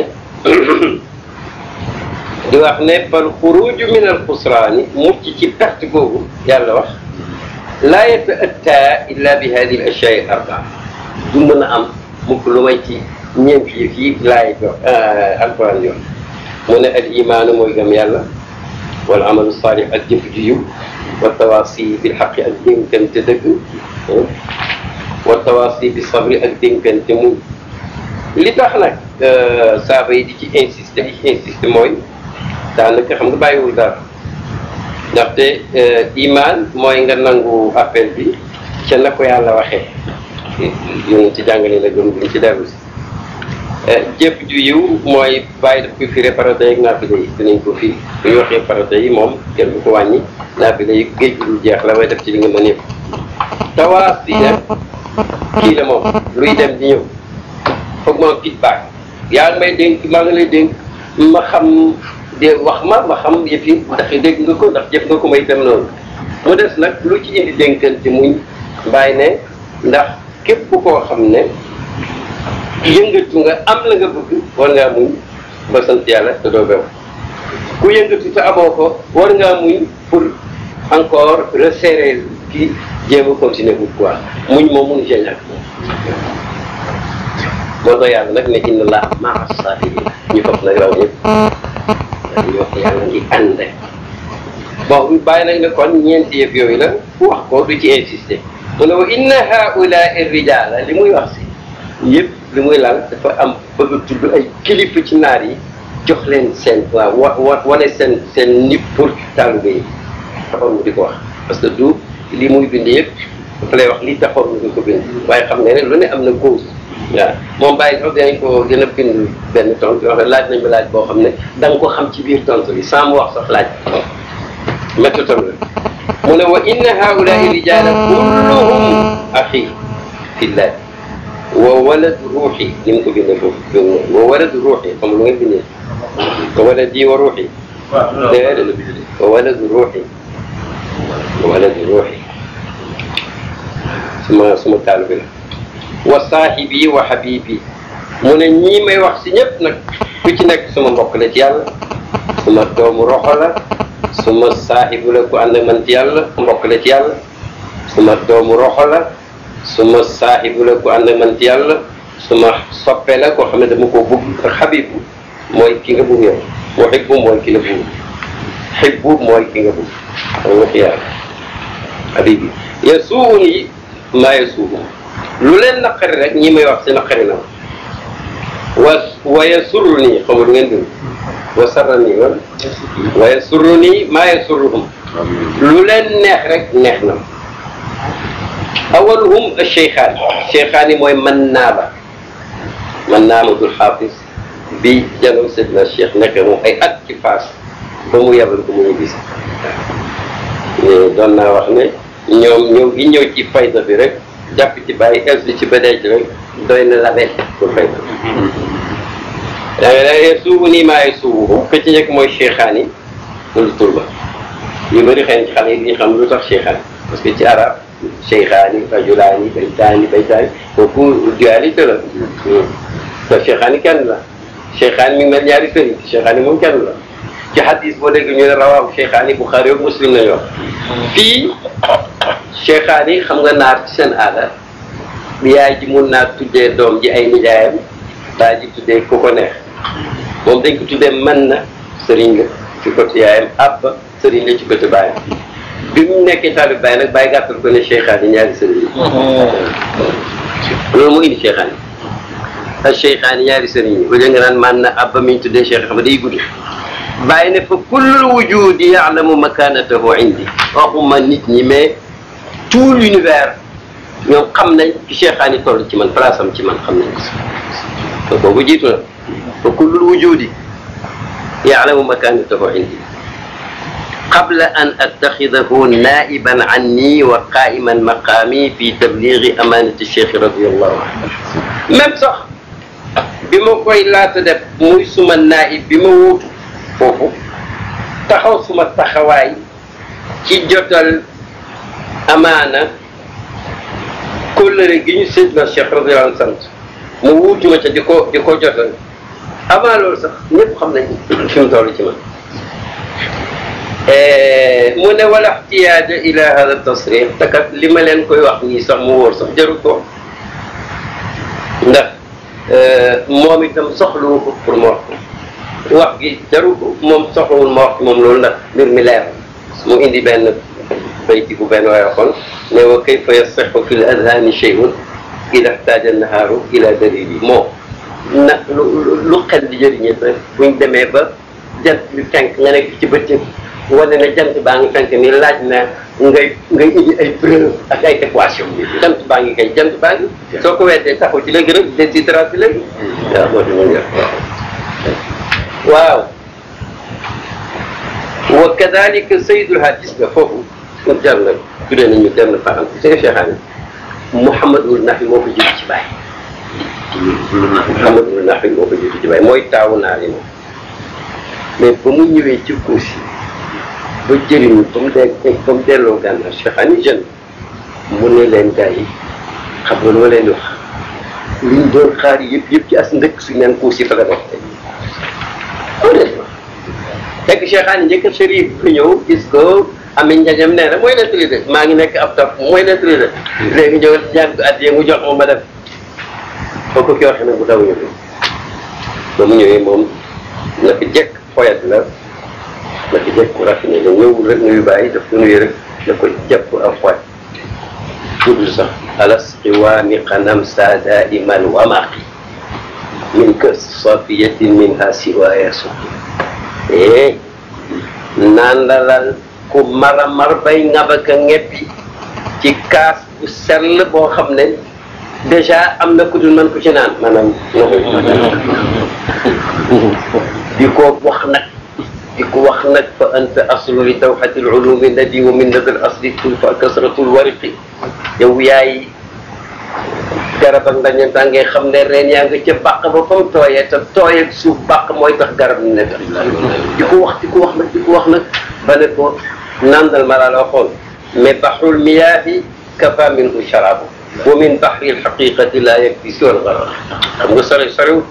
di wax ne fal xuruju min al xusraani mucc ci perte googu yàlla wax laa yataattaa illa bi hadihi al ashyaa al arbaa du mën a am mukk lu may ci ñeent yëf yi laay jox alquran yoon mu ne al imaanu mooy gëm yàlla wal amalu saalix ak jëf ju yiw wa tawaasi bil xaqi ak dénkante dëgg wa tawaasi bi sabri ak dénkante muñ li tax nag saaba yi di ci insister di ci insister mooy daanaka xam nga bàyyiwul dara ndaxte eh, iman mooy nga nangu appel bi ca na ko yàlla waxee ñu ci jàngale la gëm ci dellu si eh, jëpp ju yiw mooy bàyyi daf koy firé parata yeeg naafile yi dinañ ko fi bu ñu waxee parata yi moom kenn du ko wàññi naafile yi géej du jeex la way def ci li nga mën tawaas bi nag kii la moom luy dem di ñëw foog moom feedback yaa ngi may dénk maa ngi lay dénk ma xam de wax ma ma xam yëf yi ndax dégg nga ko ndax jëf nga ko may dem loolu mu des nag lu ci indi dénkante muñ bàyyi ne ndax képp ku ko xam ne yëngatu nga am la nga bëgg war ngaa muñ ba sant yàlla te doo bew ku yëngatu te amoo ko war ngaa muñ pour encore resserrer ki jéem a continuer bu quoi muñ moom mun jeñ ak moo tax yàlla nag ne inna laa maa saabiriin ñu foofu nag raw ñëpp yokk yàlla ci ànd bon bàyyi nañ ne kon ñeenti yëf yooyu la wax ko du ci insister mu ne wa inna li muy wax si yëpp li muy laal dafa am bëgg a tudd ay kilifa ci naar yi jox leen seen waaw wa wane seen seen nit pour taalibe yi taxoon di ko wax parce que du li muy bind yëpp dafa lay wax li taxoon mu di ko bind waaye xam nga ne lu ne am na cause waaw moom bàyyi sax dinañ ko gën a bind benn tontu yoo xam laaj nañ ma laaj boo xam ne da nga ko xam ci biir tontu bi sans mu wax sax laaj métti tontu mu ne wa inna haulaai rijaala kulluhum axi fillah wa walad ruuxi ni mu ko bindee foofu wa walad ruuxi xam lu nga bindee wa walad di wa ruuxi déedéet wa walad ruuxi wa walad ruuxi suma suma taalibe la wa saahibi wa habibi mu ne ñii may wax si ñëpp nag ku ci nekk suma mbokk la doomu roxo la suma saahibu la ku ànd ak man ci yàlla mbokk la ci yàlla suma doomu roxo la suma saahibu la ku ànd ak man ci yàlla suma soppe la koo xam ne dama ko bëgg mooy ki nga bëgg yow waxibbu mooy ki nga yasuuni lu leen naqari rek ñi may wax si naqari na wa waaye surru nii xamul ngeen dund wa sarra nii wala leen neex rek neex na awaluhum cheikhaan cheikhaan yi mooy man naaba man naama dul xaafis bi janoom sedna cheikh nekk moom ay at ci faas ba mu yabal ko mu ñu gis wax ne ñoom ñëw ci fayda bi rek jàpp ci bàyyi eltu ci bëdee ci rek doy na label pour fay ko dangay suubu nii maay mooy seexaan yi loolu tur yu bëri xëy na ci xale yi ñu xam lu tax seexaan parce que ci arab seexaan yi rajulaan yi baytaan yi baytaan yi kooku dualité la te seexaan yi kenn la seexaan mi ngi mel ñaari sëriñ seexaan yi moom kenn la ci xadis boo dégg ñu ne rawaahu Cheikhaani Buxaari ak Muslim la ñu wax fii Cheikhaani xam nga naar ci seen aada yaay ji mun naa tuddee doom ji ay nijaayam daa ji tuddee ku ko neex moom dañ ko tuddee mën na sëriñ la ci côté yaayam abba sëriñ la ci côté baayam bi mu nekkee taalib baay nag bàyyi gàttal ko ne Cheikhaani ñaari sëriñ la loolu ñaari sëriñ la ba nga naan man na abba mi ñu tuddee Cheikh xam nga gudd bàyyi ne fa kullul wujudi yaalamu makanatahu indi waxuma nit ñi mais tout l'univers ñoom xam nañ ci cheikhaani toll ci man place am ci man xam nañ ko te kooku jiitu na fa kullul wujudi yaalamu makanatahu indi قبل أن أتخذه نائبا عني وقائما مقامي في تبليغ أمانة الشيخ رضي الله عنه même sax bi ma koy laata def muy suma naib bi ma wóotu foofu taxaw suma taxawaay ci jotal amaana kóllëre gi ñu Seydina Cheikh radiyallahu anhu sant mu wuutu ma ca di ko di ko jotal avant loolu sax ñëpp xam nañ fi mu toll ci man mu ne wala ixtiyaaja ila hada tasrix takat li ma leen koy wax nii sax mu wóor sax jaru ko ndax moom itam soxlu ko pour mu wax ko wax gi jaru moom soxlawul ma moom loolu na mbir mi leer mu indi benn bayti bu benn waaye waxoon ne wa kayfa yasixu fi l adhaani sheyun ida xtaaja nahaaru ila dalili moo na lu lu xel di jëriñee ba buñ demee ba jant bi fenk nga nekk ci bëccëg wala ne jant baa ngi fenk ni laaj na ngay ngay indi ay preuve ak ay jant baa ngi kay jant baa ngi soo ko weddee taxaw ci léegi rek décidrate ci léegi mm. waaw moo di ma waaw wa kadalika sayyidul hadis la foofu kon jar na tuddee nañu benn parenthèse ci nga Cheikhaani Mouhamadul Nafi moo ko jëlee ci baay. Mouhamadul Nafi moo ko jëlee ci baay mooy taawu naa li moom mais ba mu ñëwee ci Kossy ba jëriñu ba mu dee ba mu delloo gànnaar Cheikhaani jeune mu ne leen gars yi xam nga lu ma leen di wax liñ doon xaar yëpp yëpp ci as ndëkk suñu naan Kossy fa la dox tey fekk Cheikh Ani njëkk Chérif fi ñëw gis ko Amin Ndiajem nee na mooy de maa ngi nekk ab topp mooy nettali de léegi ñëw ñaan ko addiyee mu jox moom ma def foofu ki waxee nag bu daw ñëw ba mu ñëwee moom na fi jekk xoyat la na fi jekk raffiné la ñëwul rek nuyu bàyyi daf ko nuyu rek da ko jàpp sax alas xiwaani xanam saada imal wamaaqi min kasafiyatin minha siwaya su eh nandalal ku mara mar bay ngabaka ngeppi ci kaas bu sell boo xam ne déjà am na ku dul man ku ci naan maanaam di ko wax nag di ko wax nag fa anta aslu li dawxati alulumi nadi wa min nada al asli tul fa kasratu lwariqi yow yaay garab ak ndañu tàngee xam ne reen yaa ngi ca bàq ba fa mu tooyee te tooy ak suuf bàq mooy tax garab ne di ko wax di ko wax nag di ko wax nag ba ne ko nandal ma laa la waxoon mais baxrul miyaahi kafa minhu sharabu wa min baxri lxaqiqati laa yakfi siwa lgarar xam nga sori soriwul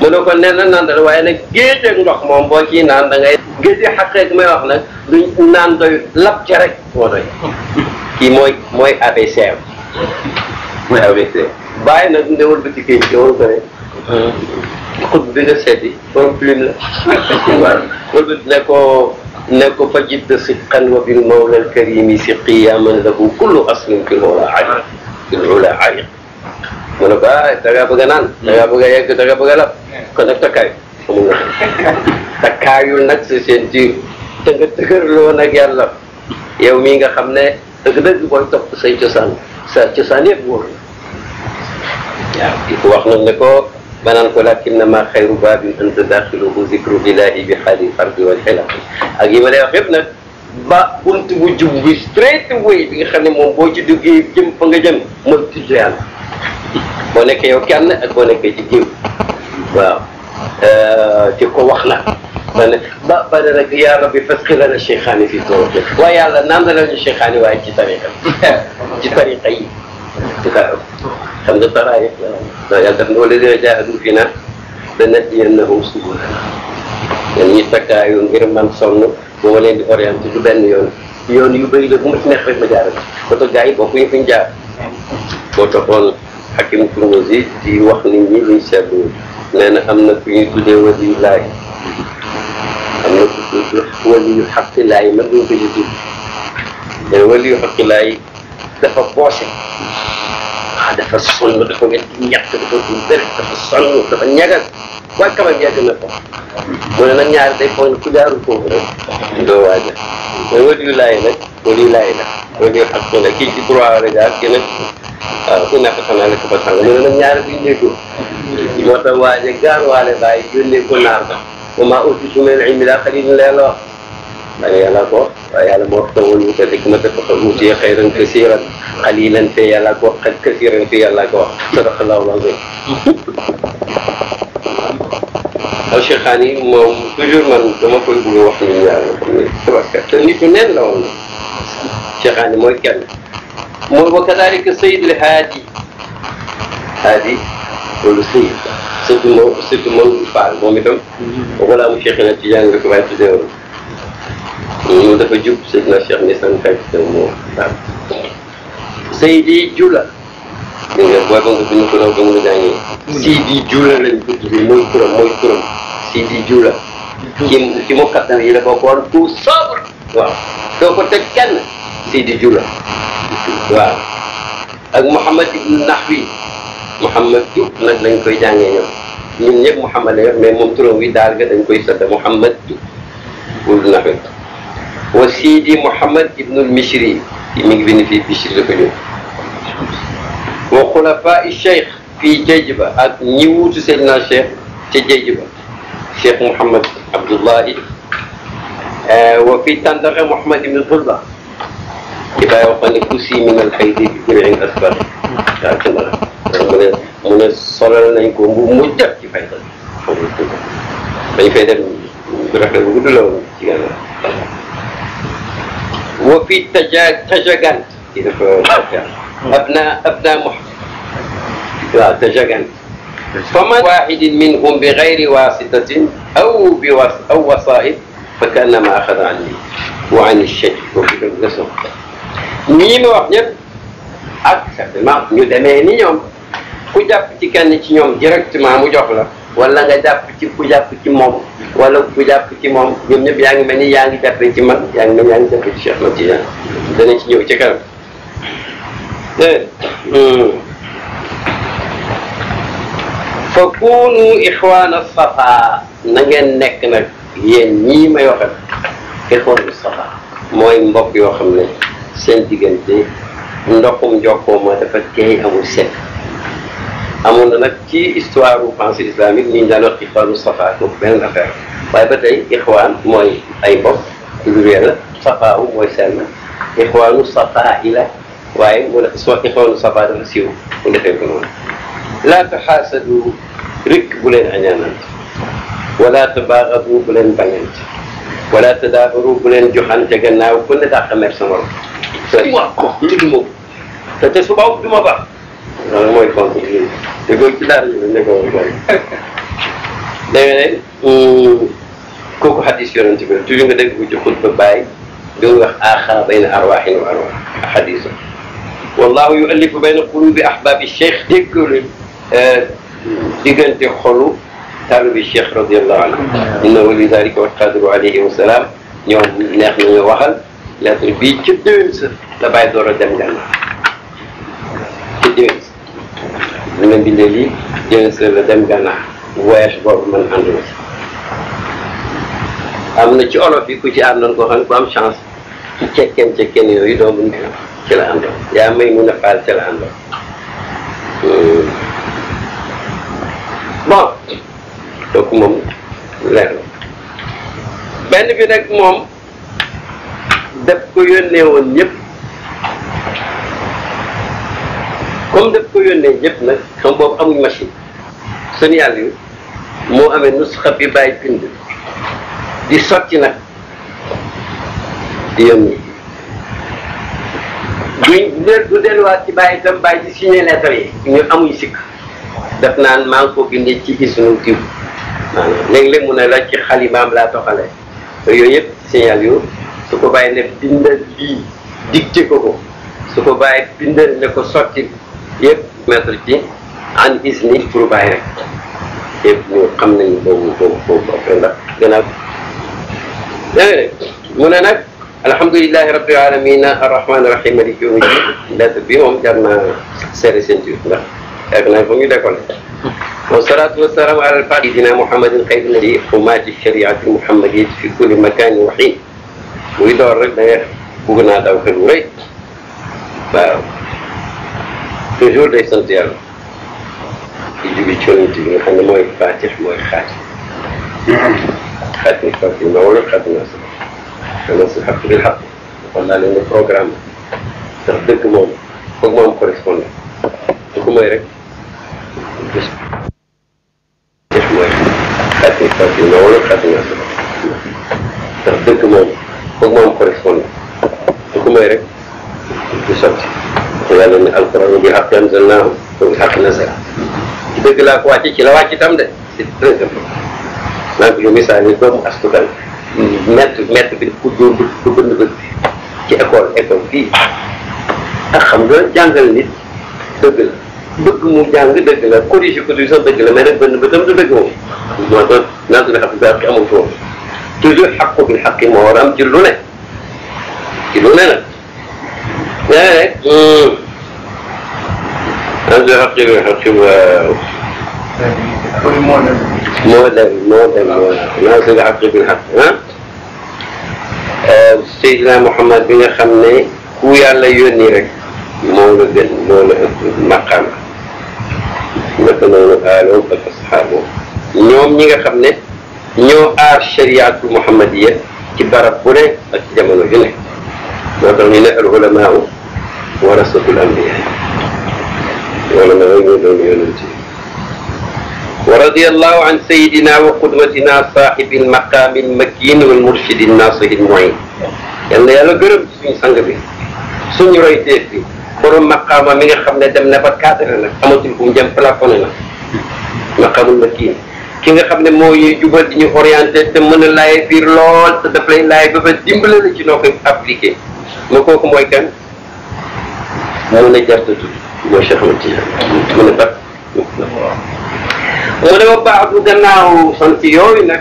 mu ne ko nee na nandal waaye nag géej ak ndox moom boo ciy naan da ngay géej xaq rek may wax nag duñ naan doy lab ca rek moo doy kii mooy mooy ABC mooy AVC bàyyi nag ndewal ba ci kii ndewal ko ne xut bi nga seeti borom plume la wal ba ne ko ne ko fa jidd si xan wa bil mawla al karimi si qiyaman lahu kullu aslin fil ula ariq fil ula ariq mu ne ko ah da ngaa bëgg a naan da ngaa bëgg a yegg da ngaa bëgg a lab kon nag takkaayu amul na takkaayul nag si seen jiir te nga tëgërloo nag yàlla yow mii nga xam ne dëgg-dëgg booy topp say cosaan sa cosaan yëpp wóor na waaw di ko wax nag ne ko ma naan ko laakin na maa xayru bi xaali fardi wal xilaq ak yi ma lay wax yëpp nag ba bunt bu jub bi straight way bi nga xam ne moom boo ci duggee jëm fa nga jëm mooy tudd yàlla boo nekkee yow kenn ak boo nekkee ci géew euh, ko wax na من با پر رکیا ربی فسخ لنا شیخانی فی تو و یا اللہ نام دل شیخانی وای کی طریقہ جی طریقہ ہی خمد طرائے نا یا در نولی دی جا حدو فینا بنتی انہ سبورا یعنی تکایو ارمان سونو بولے دی اوریان تو بین یون یون یو بیلو کم اس نخفی مجارا تو تو جائی بکو یہ پنجا بو تو کون حکیم کرموزی دی وقت امنا کنی تو دیو وزی waliyu xaqilaay nag ñu ko ci dugg te waliyu xaqilaay dafa poche ah dafa sonn dafa wet ñett dafa bëri dafa sonn dafa ñagal waaye kamal yàgg na ko mu ne nag ñaari day foog ku jaarul foofu rek doo waaja mais waliyu laay nag waliyu laay la waliyu xaqila kii ci droit la jaar kii nag waaw ah, ku nekk xanaa nekk ba tàng mu ne nag ñaari duñ déggoo moo tax waaja gaar waale bàyyi yónnee ko naar ba وما أوتيتم من العلم لا قليل لا لا من يلا كو ويعلم وقته ويوتيك متى فأوتي خيرا كثيرا قليلا في يلا كو قد كثيرا في يلا كو صدق الله العظيم أو شيخاني مو تجور من دوما كل بلو وحن يعني تبكت شيخاني مو كان مو وكذلك السيد الهادي هادي wala sëy sëñ bi moo sëñ bi moo faal moom itam. Mm-hmm. mu Cheikh na ci jàng ko waaye tuddee woon. ñu dafa jub sëñ na Cheikh ni san kay tuddee moo faal. Seydi Jula. dégg nga mm-hmm. mooy turam mooy turam Jula. Mm-hmm. ki ki kattan yi dafa ko war tout sobre. waaw ko teg kenn Seydi Jula. waaw ak Mouhamad Ibn Nahwi. محمد جوب نك نكوي جانجي نيو نين ييب محمد لي مي موم تورو وي دارغا دنجكوي سد محمد جوب قول نافي وسيدي محمد ابن المشري ميغي بن في بشير دكو نيو وخلفاء الشيخ في جيجبا اك نيوتو سيدنا الشيخ تي جيجبا شيخ محمد عبد الله وفي تندر محمد بن فضة كيف يوقع نكوسي من الحيدي في جميع الأسباب وفي تجاجان ابناء ابناء محمد فمن واحد منهم بغير واسطة او بواس او وسائط فكانما اخذ عني وعن الشيخ وفي كل نسخ مين واحد اكثر من يدمني يوم ku jàpp ci kenn ci ñoom directement mu jox la wala nga jàpp ci ku jàpp ci moom wala ku jàpp ci moom ñoom ñëpp yaa ngi mel ni yaa ngi jàppee ci man yaa ngi mel yaa ngi jàppee ci Cheikh dana ci ñëw ci kanam hmm. fa kunu ixwaana safa na ngeen nekk nag yéen ñii may waxal ixwaanu safa mooy mbokk yoo xam ne seen diggante ndoxum jokkoo dafa kay amul sekk amoon na nag ci histoire bu pensée islamique ñu ngi daan wax ixwaanu safa kooku beneen affaire waaye ba tey ixwaan mooy ay mbokk pluriel la safaawu mooy seen ixwaanu safa yi la waaye mu ne soo ixwaanu safa dafa siiw bu defee ko noonu laa taxaasadu rikk bu leen añaanant wala tabaaxadu bu leen bañant wala tadaabaru bu leen joxante gannaaw ku ne daa xameer sa morom. Hmm. te wax ko te su baaw du ma baax. على ما يكون يقول لا عندكم الباقي dégg nga ne kooku xadis yonent bi toujours nga dégg ko ci xutba bàyyi doon wax aaxaa bayna arwaaxin wa arwaax xadisa wallahu yuallifu bayna qulubi ahbaabi cheikh dékkalu diggante xolu taalibi cheikh radiallahu anhu inna wali dalika walqadiru alayhi wasalaam ñoom neex nañu waxal lettre bii ca déwén sa la bàyyi door a dem jànn ca déwén sa na nga bindee lii jëlee sa dem gànnaar voyage boobu man ànduma ci am na ci olof yi ku ci àndoon koo xam ku am chance ci cekkeen cekkeen yooyu doomu ci la àndoon yaa may mun a faal ci la àndoon hmm. bon donc moom leer benn bi nag moom def ko yónnee woon ñëpp comme daf ko yónnee ñëpp nag xam boobu amuñ machine sunu yàlla moo amee nusxa bi bàyyi bind di sotti nag di yónni duñ du delluwaat ci bàyyi itam bàyyi ci signé yi ñu amuñ sikk def naan maa ngi ko bindee ci isnu diw maanaam léeg-léeg mu ne la ci xalimaam laa toxale yooyu yëpp signal yu su ko bàyyi ne bindal lii digte ko ko su ko bàyyi bindal ne ko sotti يمتلكي عن إذن البروبايرة يبني قمنا بو بو بو بو بو منانك الحمد لله رب العالمين الرحمن الرحيم مالك يوم الدين لا تبيهم جرنا سيرسين جوتنا أغنى فمي لكم والصلاة والسلام على الفاتحين محمد خير الذي حمات الشريعة المحمدية في كل مكان وحين ويدور ربنا يخبرنا دوخن ريت toujours day sant yàlla di jubi conante bi nga xam ne mooy faatix mooy xaatim xaatim fati maw la xaatim nas anas xaq bi xaq waxoon naa leen ne programme ndax dëgg moom foog moom correspondant du ko may rek gis def mooy xaatim fati maw la xaatim nas ndax dëgg moom foog moom correspondant du ko may rek du sotti te yàlla ne alquran bi xaq anzalnaahu wa dëgg laa ko wàcce ci la wàcc itam de c'est très important naa ko ñu misaal ni ku dóor ku bënd ci école école fii ak xam nga jàngal nit dëgg la bëgg mu jàng dëgg la corrigé ko du sax dëgg la mais nag bënd bëtam du dëgg moom moo tax naa tudd xam nga ki amul foofu toujours xaqu bil xaqi moo war a am ci lu ne ci lu ne nag إيه؟ هذا حق حق مولى مولى محمد بن خمني كو يالا يوني رك مولى دل مولى مقام مثلا قالوا اصحابه نيوم نيغا خمني نيو ار شريعه محمديه كبار بره ak jamono gi nek moo tax ñu ne al ulamaaw warasatul ambiya ulamaaw ñoo doon yonent yi wa radiyallahu an sayidina wa qudwatina saaxibi almaqaami almakin wal murshidi naasiri almuin yal na yàlla gërëm ci suñu sang bi suñu royteef bi borom maqaama mi nga xam ne dem na ba cadre nag amatul bu mu jëm plafonné na maqaamul makin ki nga xam ne moo ñuy jubal di ñu orienté te mën a laay biir lool te daf lay laay ba ba dimbale la ci noo koy appliqué ne kooku mooy kan mu ne jarta tudd mooy Cheikh Ahmed Tidiane mu ne bat mu ne ba baaxu gannaaw sant yooyu nag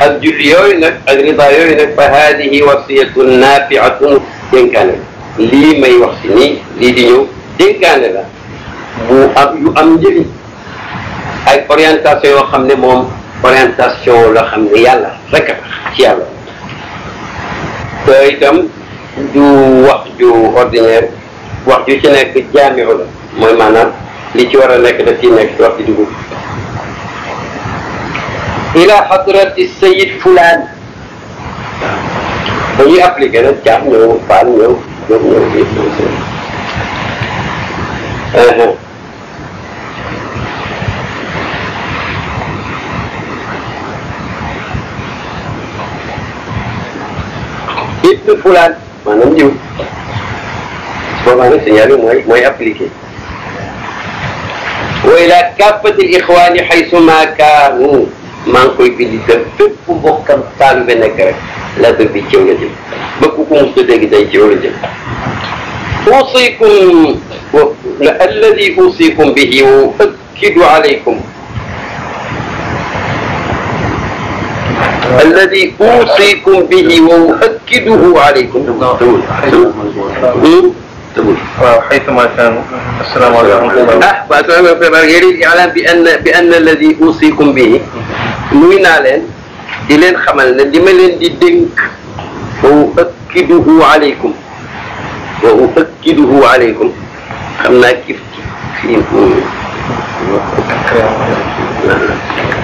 ak julli yooyu nag ak rida yooyu nag fa haadihi wasiyatu naafiatun dénkaane la lii may wax si nii lii di ñëw dénkaane la bu am yu am njëriñ ay orientation yoo xam ne moom orientation la xam ne yàlla rek a tax ci yàlla te itam du wax ju ordinaire wax ju ci nekk jaamiru la mooy maanaam li ci war a nekk daf ciy nekk wax ci dugub ila hadrati sayid Fulan, dañuy appliqué nag caab ñëw new, ñëw ñëw ñëw من فلان معناه مجيب moy سيالي ما يأبليكي وإلى كافة ikhwan haythu ma maa man koy bindi sa fepp bokkam tambe nek rek do bi ci yow jëm ba ku ko mu dégg day ci wala jëm أوصيكم الذي أوصيكم به اؤكد عليكم الذي أوصيكم به وأؤكده عليكم حيثما كان السلام عليكم أحبا عليكم يريد الإعلام بأن, الذي أوصيكم به من علين إلين خملنا لمن دي وأؤكده عليكم وأؤكده عليكم خمنا كيف كيف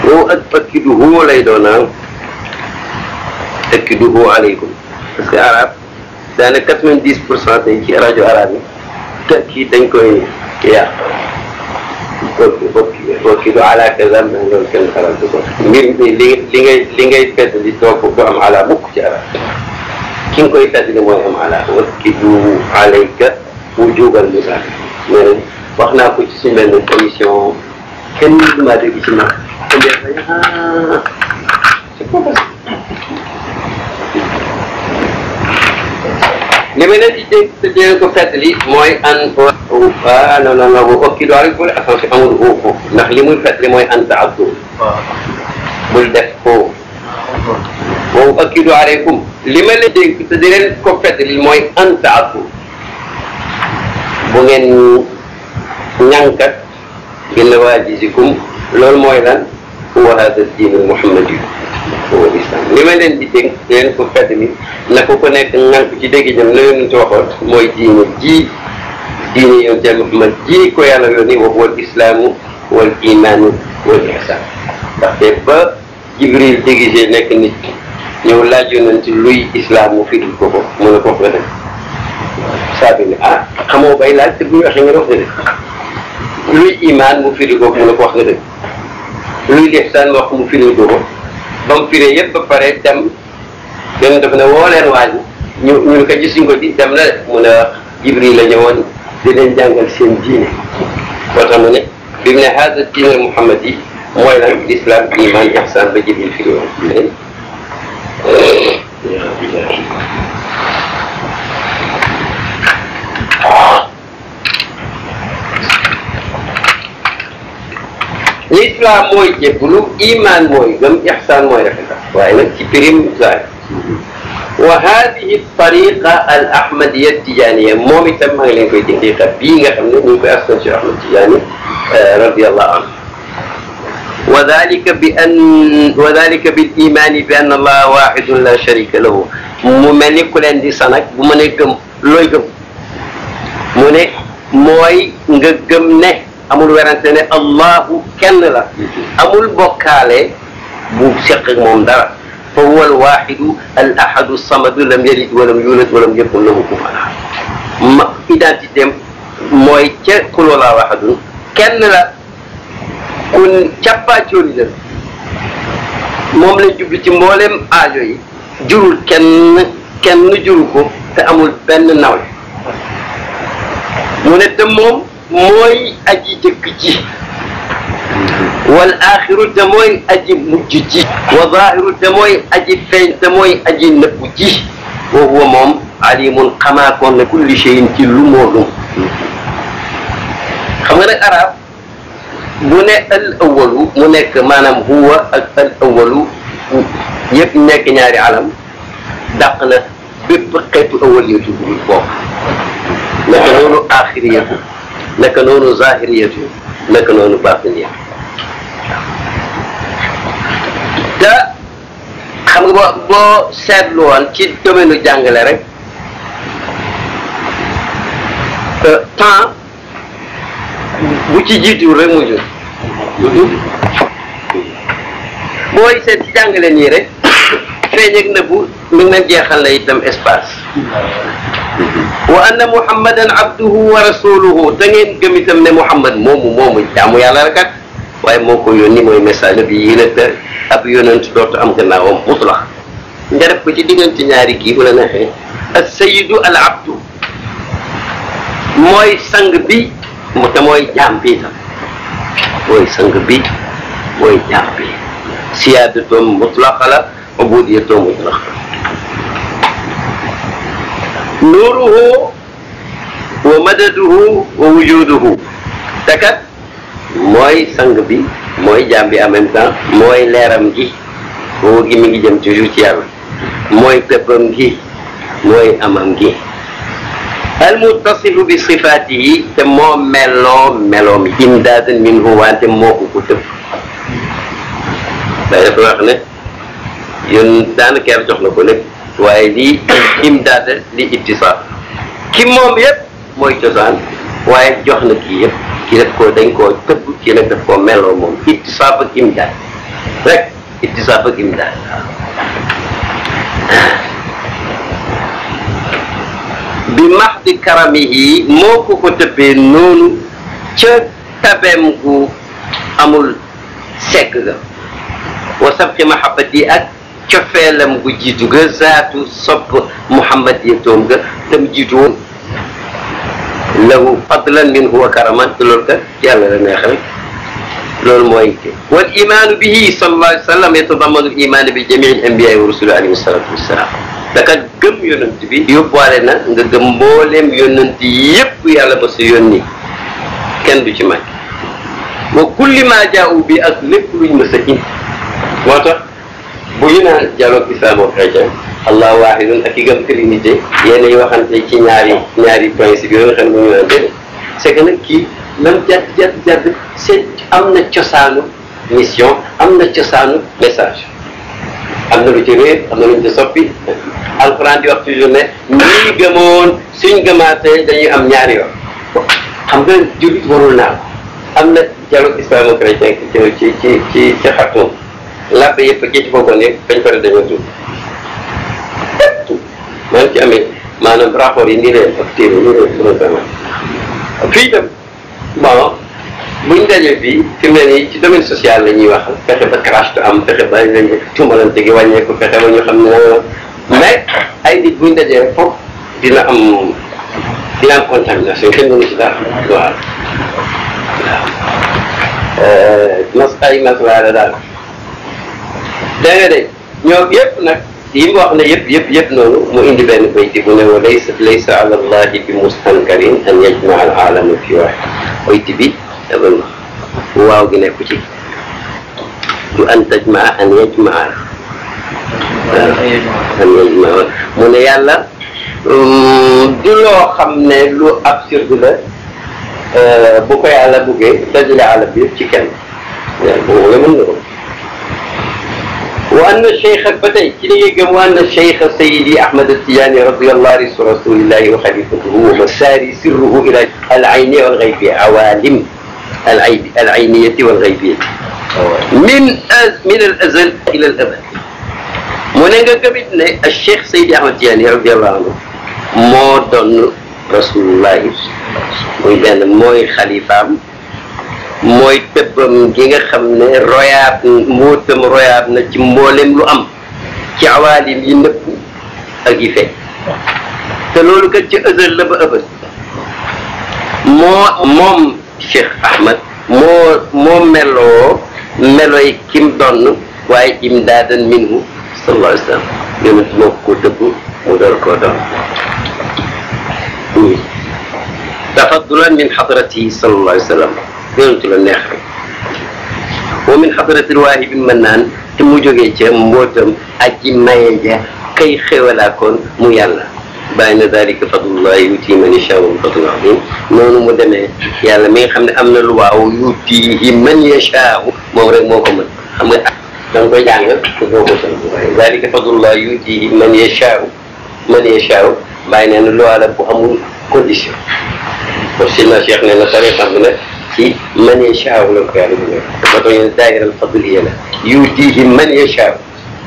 وأؤكده عليكم akiduhu aleykum parce que arab daanaka quatre-vingt-dix pour cent tey ci rajo arab yi takki dañ koy yàq bokki bokki bokki du ala kaza ma loolu kenn xalaat du ko mbir li li ngay li ngay fedd di doo ko du am ala mukk ci arab ki nga koy fedd di mooy am ala wakiduhu aleyka wujugal musa mais wax naa ko ci suñu benn commission kenn maa dégg ci ma ko mbir c'est pas li may leen di dégg te di leen ko fàttali mooy an ah non non non okki doole bu la affaire amul oofu ndax li muy fàttali mooy an taabdu bul def ko boobu okki doole kum li ma leen dégg te di leen ko fàttali mooy an taabdu bu ngeen ñànkat bi la waaji si kum loolu mooy lan huwa hada diin muhammadi foofu islam li ma leen di dénk leen ko fedd mi na ko ko nekk ngank ci dégg ñam la yonent waxoon mooy diine ji diine yoon teel Muhammad ji ko yàlla ni wax wal islaamu wal imaanu wal ihsaan ndaxte ba Jibril dégisee nekk nit ñëw laaj nañ yonent luy islam mu firil ko mu ne ko wax nga dëgg ah, laaj te bu ñu waxee nga luy imaan mu firil ko mu ne ko wax nga dëgg luy ihsaan wax mu firil ko ko ba mu firé ba pare dem dem dafa ne woo leen waaj ñu ñu ko gisuñ dem na de mu ne Jibril la ñëwoon di leen jàngal seen diine boo tax mu ne bi mu ne haada diine Muhammad yi mooy lan l'islam iman ihsan ba Jibril firi إطلاع موي تبلو إيمان موي جم إحسان موي رحمة وإن كبيرين زاد وهذه الطريقة الأحمدية الديانية مو متم هلين في دقيقة بينا خمنا نبقى أصلا شيء أحمد الدياني رضي الله عنه وذلك بأن وذلك بالإيمان بأن الله واحد لا شريك له مملك لندي سنك مملك لويكم مملك موي نغم نه amul werante ne allahu kenn la amul bokkaale bu seq ak moom dara fa huwa al waxidu al ahadu samadu lam yalid walam yulad walam yakun lahu kufuwan ahad ma identité am mooy ca qul huwallahu ahadun kenn la kun cappaacóoli la moom la jubli ci mbooleem aajo yi jurul kenn kenn juru ko te amul benn nawle mu ne te moom موي اجي دكجي والاخر تموي اجي مجتي وظاهر تموي اجي فين تموي اجي نبجي وهو موم عليم كما كون كل شيء في لومولو خمنا العرب بناء الاول منك مانام هو الاول يب نيك نياري عالم دقنا بيب خيتو اول يتو بوك لكن لولو اخر naka noonu zahiriyatu naka noonu batiniya te xam nga boo boo seetlu woon ki domaine u jàngale rek temps bu ci jiituwul rek mu jur booy seet ci jàngale nii rek feeñ ak nëbbu mi ngi leen jeexal la itam espace wa anna muhammadan abduhu wa rasuluhu da ngeen gëm itam ne muhammad moomu moomu jaamu yàlla rek ak waaye moo ko yónni mooy message bi yii la te ab yonent dootu am gannaawam mutlax nga def ko ci diggante ñaari kii bu la neexee ak sayidu al abdu mooy sang bi mu te mooy jaam bi itam mooy sang bi mooy jaam bi siyaadatoom mutlaqa la عبودیتوں مطلق نوره ومدده ووجوده te mooy sang bi mooy jaam bi en même temps mooy leeram gi woo gi mi ngi jëm ci yàlla mooy peppam gi mooy amam gi al muttasilu bi sifaati te moo meloo meloom imdaadan minhu wante moo ko ko tëb day dafa wax ne yoon daanaka yàlla jox na ko lépp waaye lii imdaada li ittisaal ki moom yépp mooy cosaan waaye jox na kii ki def ko dañ koo tëbb kii nag daf koo meloo imdaad rek ittisaab ak imdaad bi maxdi karamihi moo ko ko tëbbee noonu ca gu amul segg ga wa sabqi mahabbati ak cofeelam gu jiitu ga zaatu sopp muhammad yetoom ga tam jiitu woon lahu fadlan minhu wa karaman te loolu kat yàlla la neex rek loolu mooy te wal imaanu bihi sallallahu alayhi wa sallam yatadammanu l imaana bi jamii l ambiyaai wa rusuli alayhi salatu wassalaam dakat gëm yonent bi yóbbuwaale na nga gëm mbooleem yonent yépp yàlla ba sa yónni kenn du ci mag wa kulli ma jaawu bi ak lépp luñ mës a indi moo tax bu ñu naan dialogue islamo-chrétien allah waahidun ak yi gëm trinité yéen ay waxante ci ñaari ñaari principe yooyu nga xam ne ñu naan déedéet c'est que nag kii même am na cosaanu mission am na cosaanu message am na lu ci réer am na lu ñu ci soppi alxuraan di wax toujours ne ñii suñ gëmaatee dañuy am ñaari yoon xam nga jullit warul naan am na dialogue islamo-chrétien ci ci ci ci làbbe yëpp a ci bokkoon yëpp dañ ko def dañoo tuub tout même ci amee maanaam rapport yi nii leen ak téere nii leen sama sama fii itam fi mu ne ci domaine social la ñuy wax fexe ba crash du am fexe ba lañ tuumalante gi wàññeeku fexe ba ñu xam ne mais ay nit buñ dajee rek foofu dina am dina am contamination kenn mënu ci dara waaw waaw euh, mas ay mas laa la daal da nga de ñoom yëpp nag yi mu wax ne yëpp yëpp yëpp noonu mu indi benn bayti bu ne wa laysa laysa ala allahi bi mustankarin an yajmaa al alama fi waahid bayti bi dafa waaw gi nekku ci du an tajmaa an yajmaa an yajmaa mu ne yàlla mm, du loo xam ne lu absurde la euh, bu ko yàlla buggee dajale àll bi yëpp ci kenn waaw boobu la mën na ko وأن الشيخ الفتي كليكم وأن الشيخ سيدي أحمد السياني رضي الله عنه رسول الله وخليفته وساري سره إلى العين والغيب عوالم العينية والغيبية من أز من الأزل إلى الأبد منين الشيخ سيدي أحمد السياني رضي الله عنه مودن رسول الله وإذا موي خليفة moy tëbbam gi nga xamne ne royaat mbóotam royaat na ci mbollem lu am ci awalim yi nëpp ak yi feeñ te loolu kat ci ësal la ba ëbal mo mom cheikh ahmed mo mo melo melo yi kim don waye imdadan minhu sallallahu alaihi wasallam sallam yonent moo ko dëbb mo dal ko don tafaddulan min xadratihi sallallahu alayhi wa sallam yonentu la neex wa min xadratil waahibi mannaan te mu jógee ca mbootam aji maye ja kay xewalaakoon mu yàlla bàyyi na dalika fadlullahi yuti man yashaa wa fadlun azim noonu mu demee yàlla mi nga xam ne am na lu waaw yutihi man yashaa moom rek moo ko mën xam nga da nga koy jàng te boo ko sën waaye dalika fadlullahi yutihi man yashaa man yashaa bàyyi nee na lu la bu amul condition. Sina Cheikh nee na tariqa bi nag في من يشاء ولو كان منه وتعين الدائرة الفضلية له يؤتيه من يشاء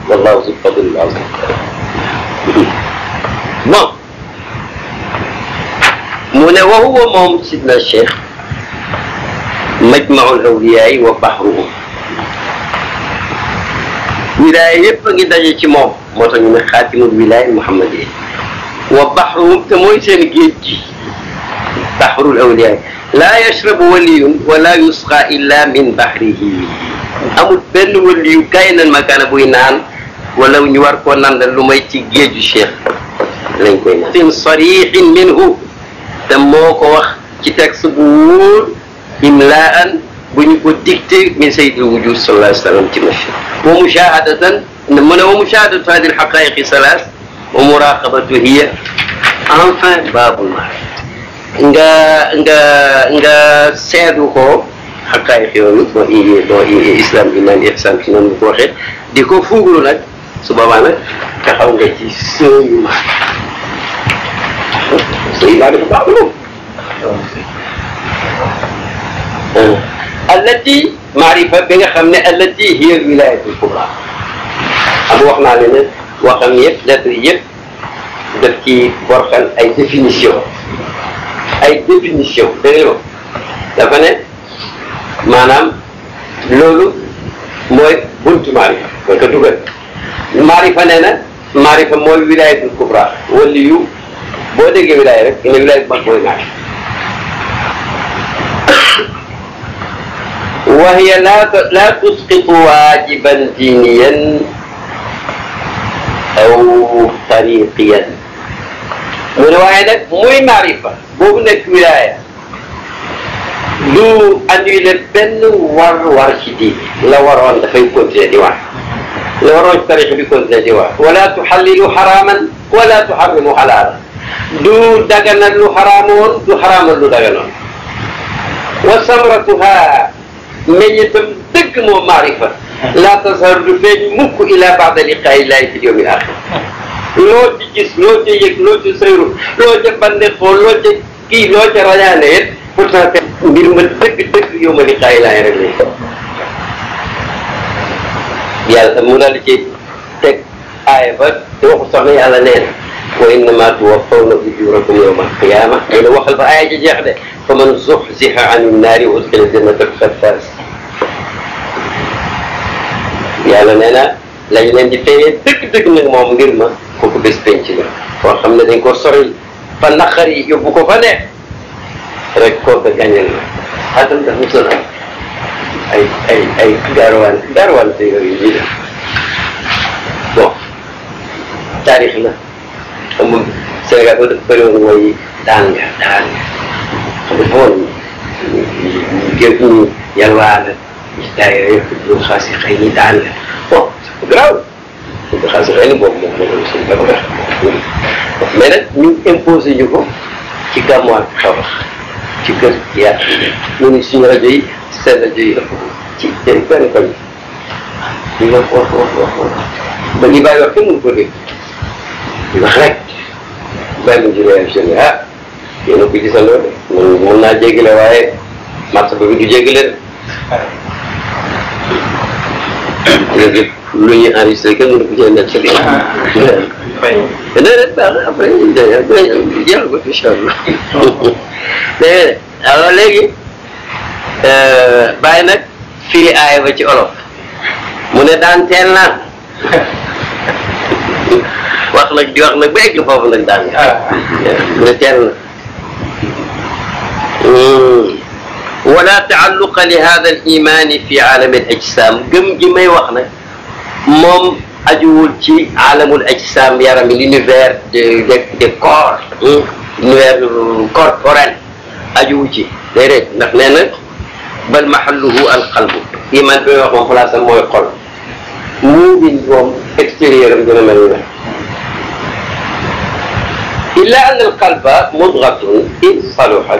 والله ذو الفضل العظيم نعم من وهو موم سيدنا الشيخ مجمع الأولياء وبحرهم ولاية yépp a ngi daje ci moom moo tax ñu ne xaatimul wilaaya بحر الأولياء لا يشرب ولي ولا يسقى إلا من بحره أبو بن ولي كاين المكان بوي نان ولو نيوار كو نان لوماي جيج الشيخ في صريح منه تموكو واخ تي تكس إملاء بني كو من سيد الوجود صلى الله عليه وسلم تي ومشاهدة نمنا ومشاهدة هذه الحقائق ثلاث ومراقبة هي أنفا باب المعرفة nga nga nga seedu ko xaqaay yooyu moo i moo i islam iman ihsan ci noonu ko waxee di ko fungulu nag su boobaa nag taxaw nga ci sëyu ma sëyu ma dafa baax lool allati maarifa bi nga xam ne allati hiya wilayatul kubra am wax naa ne ne waxam yëpp lettre yëpp daf ci borxal ay définition ay définition dégg nga dafa ne maanaam loolu mooy buntu maarifa mooy ko dugal maarifa nee na maarifa mooy wilaayatul kubra wali yu boo déggee wilaya rek ne wilaaya bu mag mooy maarifa وهي لا لا تسقط واجبا دينيا او طريقيا رواية موي معرفة بوبنا كولاية لو أن يلبن ور ور شديد لا دخل يكون زي ديوان لا ور بيكون زي ديوان ولا تحللوا حراما ولا تحرموا حلالا دو دغنا لو حرامون دو حرام لو دغنا وثمرتها من يتم معرفة لا تظهر بين مك إلى بعد لقاء الله في اليوم الآخر loo ci gis loo ci yëg loo ci sëyru loo ca bandexoo loo ca kii loo ca rajaale it pourtant te mbir ma dëgg dëgg yow ma li xaay laay rek lay yàlla mu daal di ci teg aaya ba di waxu soxna yàlla nee na wa innama tuwaffawna ujurakum yawma alqiyama dina waxal ba aaya ji jeex de fa man zuxziha an naari wa udxila jannata faqad faaz yàlla nee na lañ leen di fayee dëgg dëgg nag moom ngir ma kooku bés penc la foo xam na dañ ko soril fa naqar yi yóbbu ko fa neex rek kooku gàññal la xaatam daf mosoon am ay ay ay gaarwaan te yooyu ñuy def bon taarix la xam nga Sénégal ba def bëri woon mooy daanga daanga xam nga foon gé ñu yalwaana ñi daayira yëpp xaalis xel boobu moom mooy suñu la ko def mais nag ñu imposé ñu ko ci gàmmu ak xew ci kër yaatu ñu ne suñu rajo yi seen rajo yi la ko ci benn benn koñ ñu wax wax wax wax ba ñu bàyyi wax kenn mënu ko dégg rek bàyyi mu jëlee ak jeune ah yéen a ko gisandoo de mën naa jéggale dulunya Aristoteles kan merupakan anak sendiri. Benar, apa yang saya apa yang buat insyaallah. Nah, awal lagi bàyyi nag firi aaya ba olof mu ne daan teel naan wax di ولا تعلق لهذا الإيمان في عالم الأجسام جم جمي واخنا موم أجول شي عالم الأجسام يا رامي l'univers دي دي كور corps l'univers corporel أجول شي ديريت نحن بل محله القلب إيمان في وخنا خلاصة موي قلب مودين بوم extérieur دي gëna لا إلا أن القلب مضغة ان صلحت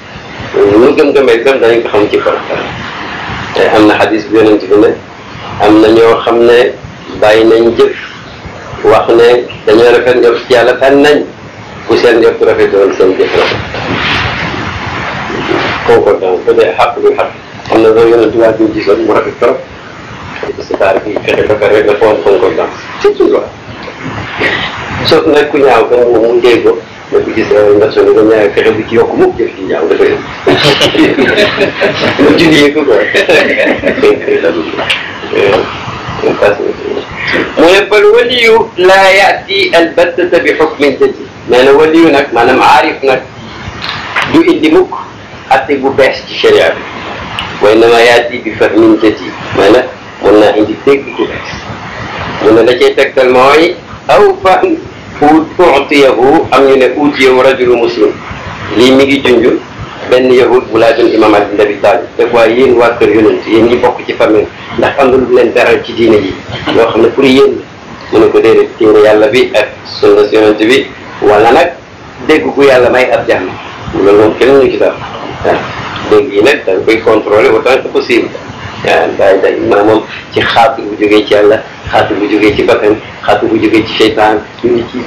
lu gëm-gëm rek sax dañu ko xam ci Alxuraan am na xadis bi yonent bi ne am na ñoo xam ne bàyyi nañ jëf wax ne dañoo rafet njort ci yàlla tànn nañ bu seen njort rafetoon seen jëf rafet concordance ba dee xàq bi xàq xam na loolu yonent waa bi gisoon mu rafet trop sibaar bi fexe ba pare rek dafa am concordance surtout quoi sauf nag ku ñaaw ko mu dégg ko بيجي سؤال مثلا إذا ما كتب بيجي يوم مو بيجي يا ولا بيجي بيجي يكون والولي لا يأتي البتة بحكم تجي لأن ولي هناك معنى معارف هناك دو إدي مك حتى يقول الشريعة وإنما يأتي بفهم تجي معنى قلنا عندي تك بحث قلنا لكي تكتل معي أو فهم u utiyahu am ñu ne utiyahu rajulu muslim lii mi ngi junj ben yahud bu laajoon imam Ali bin Abi Talib te waaye yéen waa kër yonent yéen ñi bokk ci famille ndax am na lu leen beral ci diine ji yoo xam ne pour yéen mu ne ko déedéet diine yàlla bi ak sunna yonent bi wala nag dégg ku yàlla may ab jàmm loolu moom kenn ñu ci dara dégg yi nag da nga koy contrôler autant que possible ñaari baay day maanaam ci xaatu bu jógee ci yàlla xaatu bu jógee ci bakkan xaatu bu jógee ci seytaan ñu ngi ci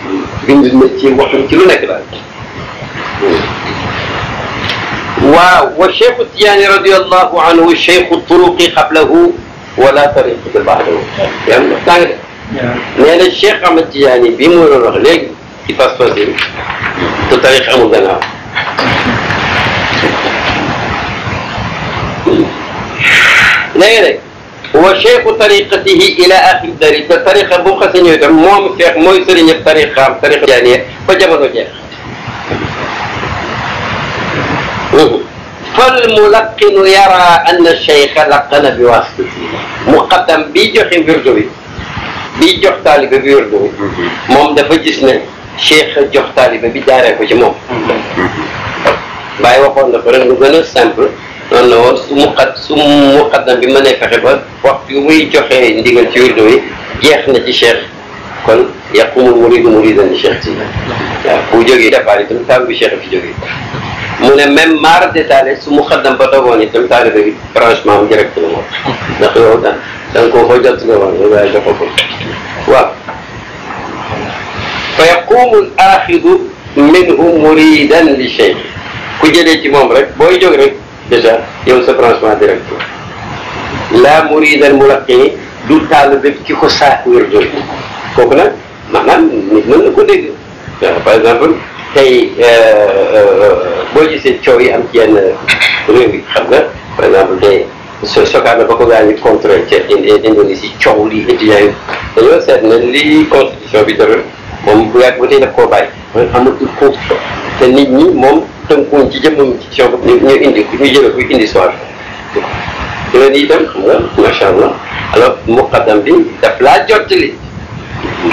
bind na ci waxtu ci lu nekk daal waaw wa cheikh tiyaani radiallahu anhu cheikh turuqi qablahu wala tariqati ba'dahu yam tàng de nee na cheikh ahmad tiyaani bi mu doon wax léegi ci pas-pas yi te tariq amul gannaaw نيري هو شيخ طريقته إلى آخر الدرس طريقة بوخة سنة موام شيخ مو يسرين الطريقة الطريقه يعني فجبه شيخ فالملقن يرى أن الشيخ لقن بواسطته مقدم بيجوخ بيرجوي بيجوخ طالب بيرجوي موم دا فجسنا شيخ جوخ طالب كو كوش موم باي واخون دا فرن رنجو سامبل noonu la woon su mu xat su mu xaddam bi mënee fexe ba waxtu muy joxe ndigal ci wirdo yi jeex na ci cheikh kon yaqumul muridu muridan li cheikh si waaw bu jógee départ itam taal bi cheikh fi jógee mu ne même maar détaillé su mu xaddam ba dogoon itam taalibe bi franchement mu direct la moom ndax yow da da nga koo ko jot nga woon yow yaa jox ko waaw fa yaqumu al axidu minhu muridan li cheikh ku jëlee ci moom rek booy jóg rek déjà yow sa branchement direct la muridal mulaqi du taalibe bi ki ko saak ko kooku nag maanaam nit mën na ko dégg par exemple tey euh, euh, euh, boo gisee yi am ci yenn réew yi xam nga par exemple tey so sokaana ba ko gaa ñi contre ca Indonésie coow lii étudiants yi seet ne lii constitution bi dara moom bu yàgg ba tey daf koo bàyyi amatul constitution te nit ñi moom tënkuwuñ ci jëmmam ci coow ñu ñu indi ñu jëlee kuy indi soir te leen itam xam nga macha allah alors muqaddam bi daf laa jottali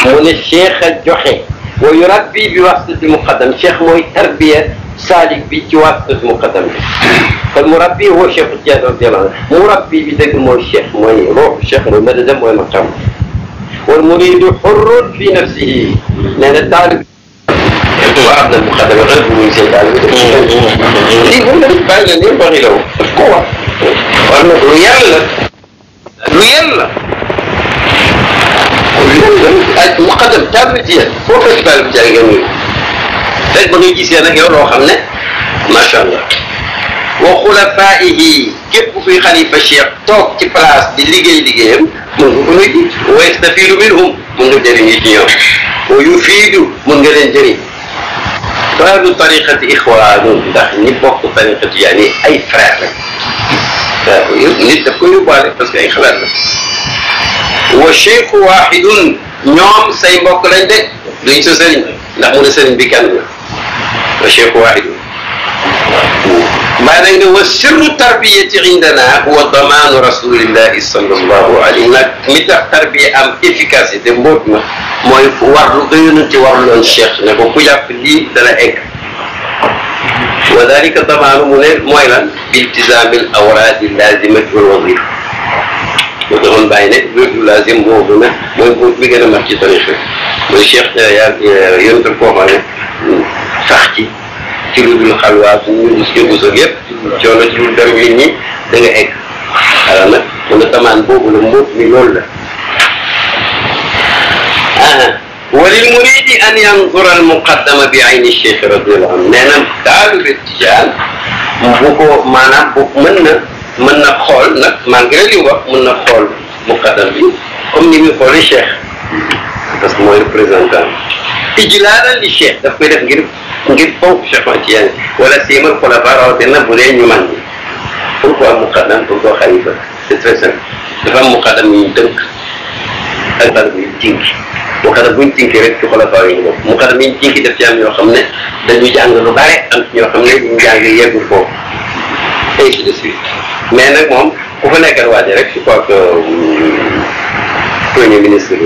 mu ne cheikh a joxe wa yu rabbi bi wasitati muqaddam cheikh mooy tarbiya saalik bi ci wasitati muqaddam bi kon mu rabbi woo cheikh Tijaan radiyallahu anhu mu rabbi bi dëgg mooy cheikh mooy ruux cheikh mooy madada mooy maqam wal muridu xurrun fi nafsihi nee na taalib وأغنى المخدرات من زيد على دي قلنا بقى اللي ينبغي له القوة وقالنا له يلا قالوا يلا المقدم تابت يا فوق الشباب بتاع الجميل فات بغي يجي سيانا كيقول له خمنا ما شاء الله وخلفائه كيف في خليفة الشيخ توك كي بلاص دي ليغي ليغيهم من ويستفيد منهم من غير يجيهم ويفيد من غير يجري افراد طريقة اخوه داخلين بوقت طريقة يعني أي فراد نبدأ كل بالك بس أي خلال والشيخ واحد نعم سيبوك لدي ليس سليم نحن سليم بكلمة والشيخ واحد بعد إذا وسر التربية عندنا هو ضمان رسول الله صلى الله عليه وسلم متى التربية أم إفكاسي دمبوتنا ما يفوار لغيون تيوار لغيون الشيخ نبو كي يفلي دل إك وذلك ضمان مولان مولا بالتزام الأوراد اللازمة والوظيفة وتغن باينة بيوت لازم بوضنا ما يفوار لغيون محجي طريقة والشيخ يونتر كوفاني تحكي ci lu dul xalwa su ñu gis ci gusul yépp coono ci lu dara nit ñi da nga egg xala nag mu ne samaan boobu la mbóot mi loolu la وللمريد أن ينظر المقدم بعين الشيخ رضي الله عنه نانا دال بالتجان بوكو مانا بوك منا منا خول نك مانغري لي واخ منا خول مقدم بي كوم ني مي خول الشيخ بس موي ريبريزانتان اجلالا للشيخ دا فاي داف غير ngir foofu Cheikh Mathiane wala siimal xulafa rawatina bu dee ñu mag ñi pourquoi muqaddam pourquoi xalifa c'est très simple dafa am muqaddam ñu tënk ak muqaddam yu tinki muqaddam bu ñu tinki rek ci xulafa yi ñu bokk muqaddam ñu tinki def ci am ñoo xam ne dañu jàng lu bare am ñoo xam ne ñu jàng yeggul foofu ainsi de suite mais nag moom ku fa nekkal waaje rek je crois que euh, premier ministre bi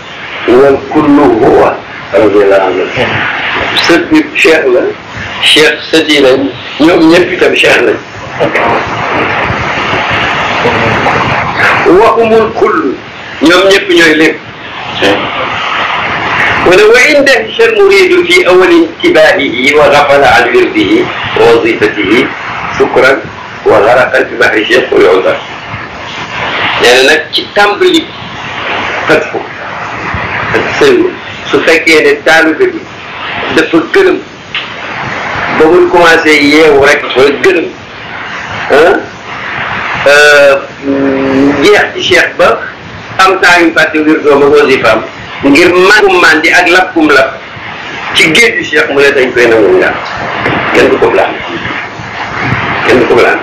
إذا الكل هو الغلام الله عنه سبب شهلا شيخ سجلا يوم يبت بشهلا وهم الكل يوم يبت يلف ولو شر مريد في أول انتباهه وغفل عن ورده ووظيفته شكرا وغرق في بحر الشيخ ويعذر لأنك تنبلي فتحه su fekkee ne taalibe bi dafa gërëm ba muy commencé yeewu rek wala gërëm ah euh, jeex ci cheikh ba am temps yu fàtte ngir dooma wasifaam ngir mànkum màndi ak làkkum làpp ci géej bi cheikh mu ne dañ koy nangu ñaar kenn du ko blaan kenn du ko blaan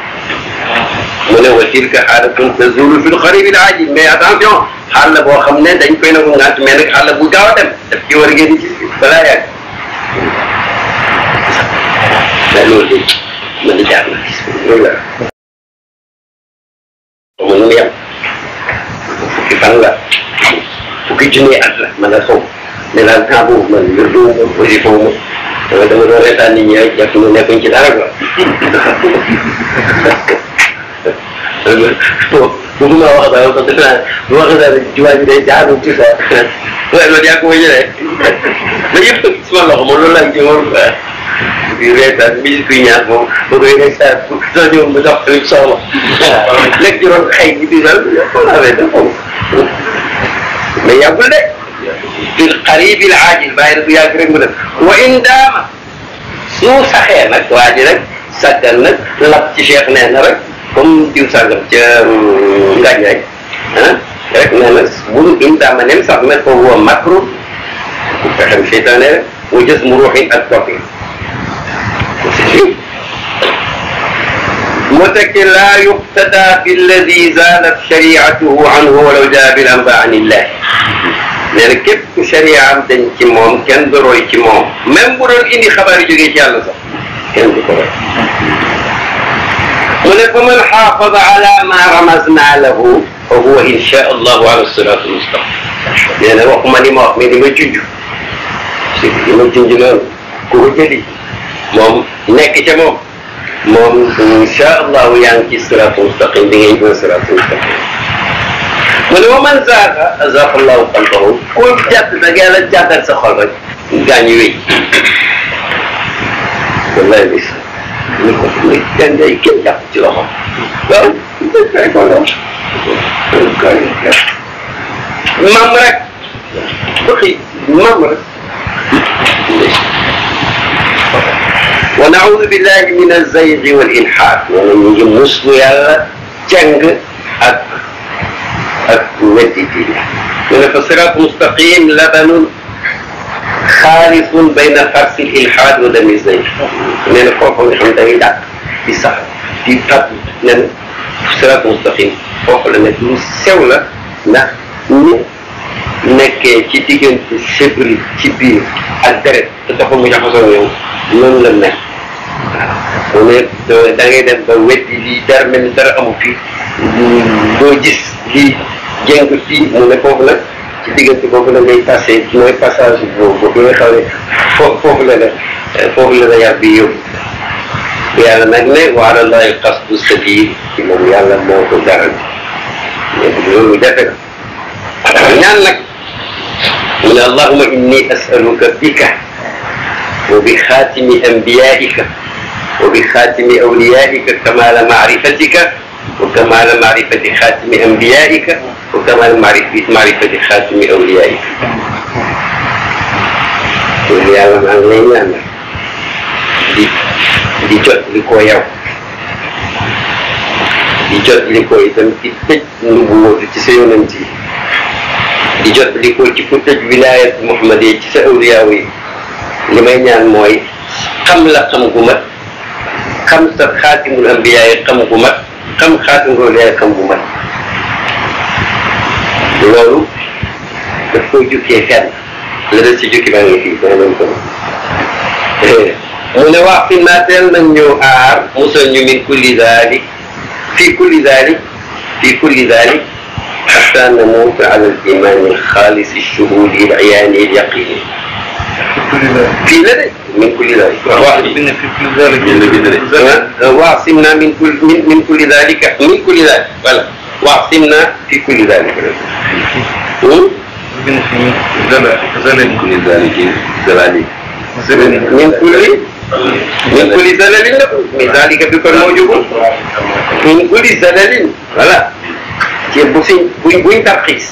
mu ne wa tilka aadatun tazulu fil xaribil aajil mais attention xàll boo xam ne dañ koy nangu ngànt mais nag xàll bu gaaw a dem daf ci war a génn ci balaa yàgg da loolu de man di jaar na loolu la xamu nu mu yem fukki fan la fukki junni at la man a xaw ne daal temps boobu man wérdowuma aussi fawuma dama dama doon reetaan nit ñi rek jàpp nu nekkuñ ci dara quoi duguma wax ba yow ko def naa bu wax naa ne jiwaa ji day jaadu ci sa waaye loolu yaa ko wëy jëlee mais yëpp suma loxo moom loolu laa ci moom reetaan bi kuy ñaar moom bu koy reetaan soo ñëw mu dox tamit soxla lekk ci doon xëy ci diiral xamee da xaw mais yàggul de bil qarib al ajil bàyyi na bu yàgg rek mu def wa in daama su saxee nag waa ji nag saggan nag lab ci cheikh nee na rek comme diw sàngam ca ngaañ rek ah rek nee na bul inda ma nem sax ne ko wa makru pexem seytaane rek wa jës mu ruuxi ak topp mu tekki laa yuqtada bi alladi zaalat shariatuhu anhu walaw jaa bil anba anillah nee na képp ku shariaam dañ ci moom kenn du roy ci moom même bu doon indi xabaar yu jógee ci yàlla sax kenn du ko roy ولكم الحافظ على ما رمزنا له وهو إن شاء الله على الصراط المستقيم يعني هو ما لي ما سيدي جنجو لما جنجو كو جلي موم نك جمو موم إن شاء الله يعني الصراط المستقيم دي هي الصراط المستقيم ولو من زاد أزاق الله قلبه كل جد بقالة جد سخرج قانيوي والله بيسر ونعوذ بالله من الزيغ والإلحاد ومن يمسو يالا جنگ أك أك ودي دي الله فصراط مستقيم لبن xaalisun bayna farsil ilhaad wa damis nañ nee na foofu nga xam dañuy dàq di sax di tab nee na sirat mustaqim foofu la nekk lu sew la ndax ñu nekkee ci diggante sébri ci biir ak deret te dafa mu jaxasoo yow noonu la nekk waaw mu da ngay dem ba weddi lii dara mel ni amu fi doo gis lii jéng fii mu diggante boobu nag lay passé mooy passage boobu bi nga xam ne fo foofu la la foofu la la yàgg bi yóbbu yàlla nag ne waala lay xas bu sa biir ci moom yàlla moo ko garal loolu jafe na ñaan nag mu ne allahuma inni asaluka bika wa bi xaatimi ambiyaika wa bi xaatimi awliyaika kamala maarifatika وكمال معرفة خاتم أنبيائك وكمال معرفة معرفة خاتم أوليائك وليعلم أن لا يعلم dijot liko yow di jot liko itam ci tëj nubu wóotu ci sa yonent yi di jot liko ci ku tëj wilayat muhammad yi ci sa awliyaaw yi li may ñaan mooy xam la xam gu mat xam sa xaatimul ambiyaa yi xam gu mat kam khatin go le kam bu mat loolu daf koy jukkee fenn la da ci jukki ba ngi fii dana mën ko mu ne wax fi naa teel nañ ñëw aar musal ñu min kulli zaalik fi kulli zaalik fi kulli zaalik حتى نموت على الإيمان الخالص الشهود العيان اليقين fii la de min kulli dalika waaw waaw sim naa min kulli min min kulli dalika min kulli dalika voilà waaw sim naa fi kulli dalika min kulli dalika zalali min kulli min kulli zalalin la mais dalika bi kon moo jógu min kulli zalalin voilà ci bu si buñ buñ tarxiis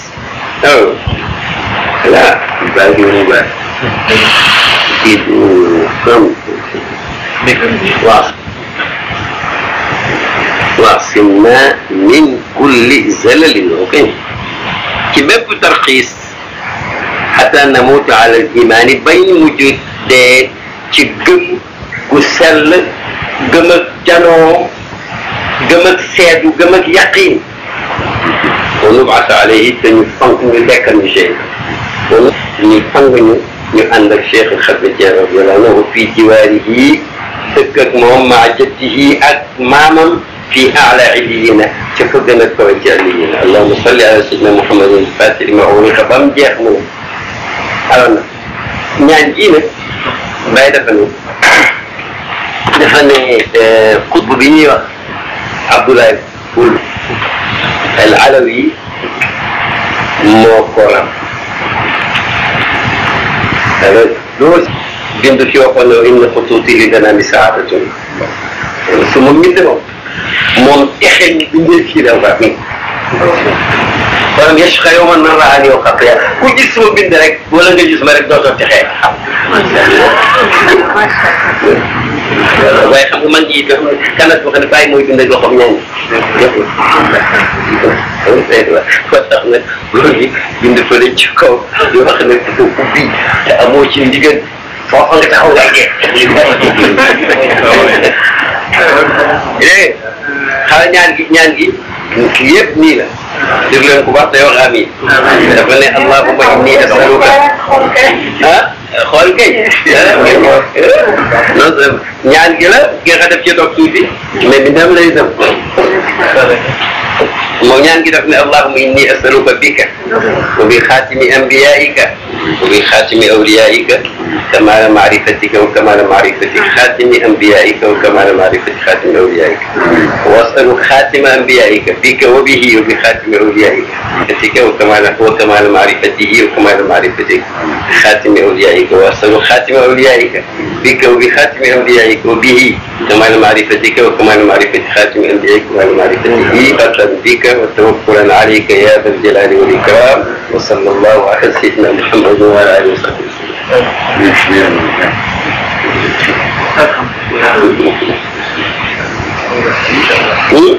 voilà tipo campo, واصل واصلنا من كل زلل وقيم كباب ترخيص حتى نموت على الإيمان بين وجودات تجم كسل جمك جنو جمك سيد وجمك يقين ونبعث عليه تنفنك من ذاك الشيء ونبعث عليه ñu ànd ak cheikh alxabil dieng radiallahu anhu fii jiwaarihi dëkk ak moom maa jëttihi ak maamam في أعلى عليين تفقنا الكويت عليين اللهم صل على سيدنا محمد الفاتح لما أغلق بام جاءنا أرنا نعم جينا باي دفنو دفني قطب بني عبد الله العلوي موكورا xanaa loolu bind ki waxoon na inna xutuuti li ganaami saadatun su ma mbind moom moom texe ni du njël ci daw ba kon yashqa yawman man ra'a yow xam te ku gis suma bind rek wala nga gis ma rek dootoo texee waaye xam nga man jii dafa kanas boo xam ne bàyyi mooy dund ak loxoom ñoom. dëgg la ba tax na loolu yi bind fële ci kaw yoo xam ne dafa ubbi te amoo ci ndigal foofa nga taxaw ngay dee. dégg nga ñaan gi ñaan gi yëpp nii la. déglu leen ku baax te yow xam yi. dafa ne allahumma inni as'aluka ah. xool kay non ñaan gi la géex a def ci doog tuuti mais bi ndam lay dem moom ñaan gi def ne allahumma inni asaluka bika wa bi xaatimi ambiyaika wa bi xaatimi awliyaika كمال معرفتك وكمال معرفة خاتم أنبيائك وكمال معرفة خاتم أوليائك وأسألك خاتم أنبيائك بك وبه وبخاتم أوليائك معرفتك وكمال وكمال معرفته وكمال معرفتك خاتم أوليائك وأسألك خاتم أوليائك بك وبخاتم أوليائك وبه كمال معرفتك وكمال معرفة خاتم أنبيائك وكمال معرفته قتلا بك وتوكلا عليك يا ذا الجلال والإكرام وصلى الله على سيدنا محمد وعلى آله وصحبه Ừ.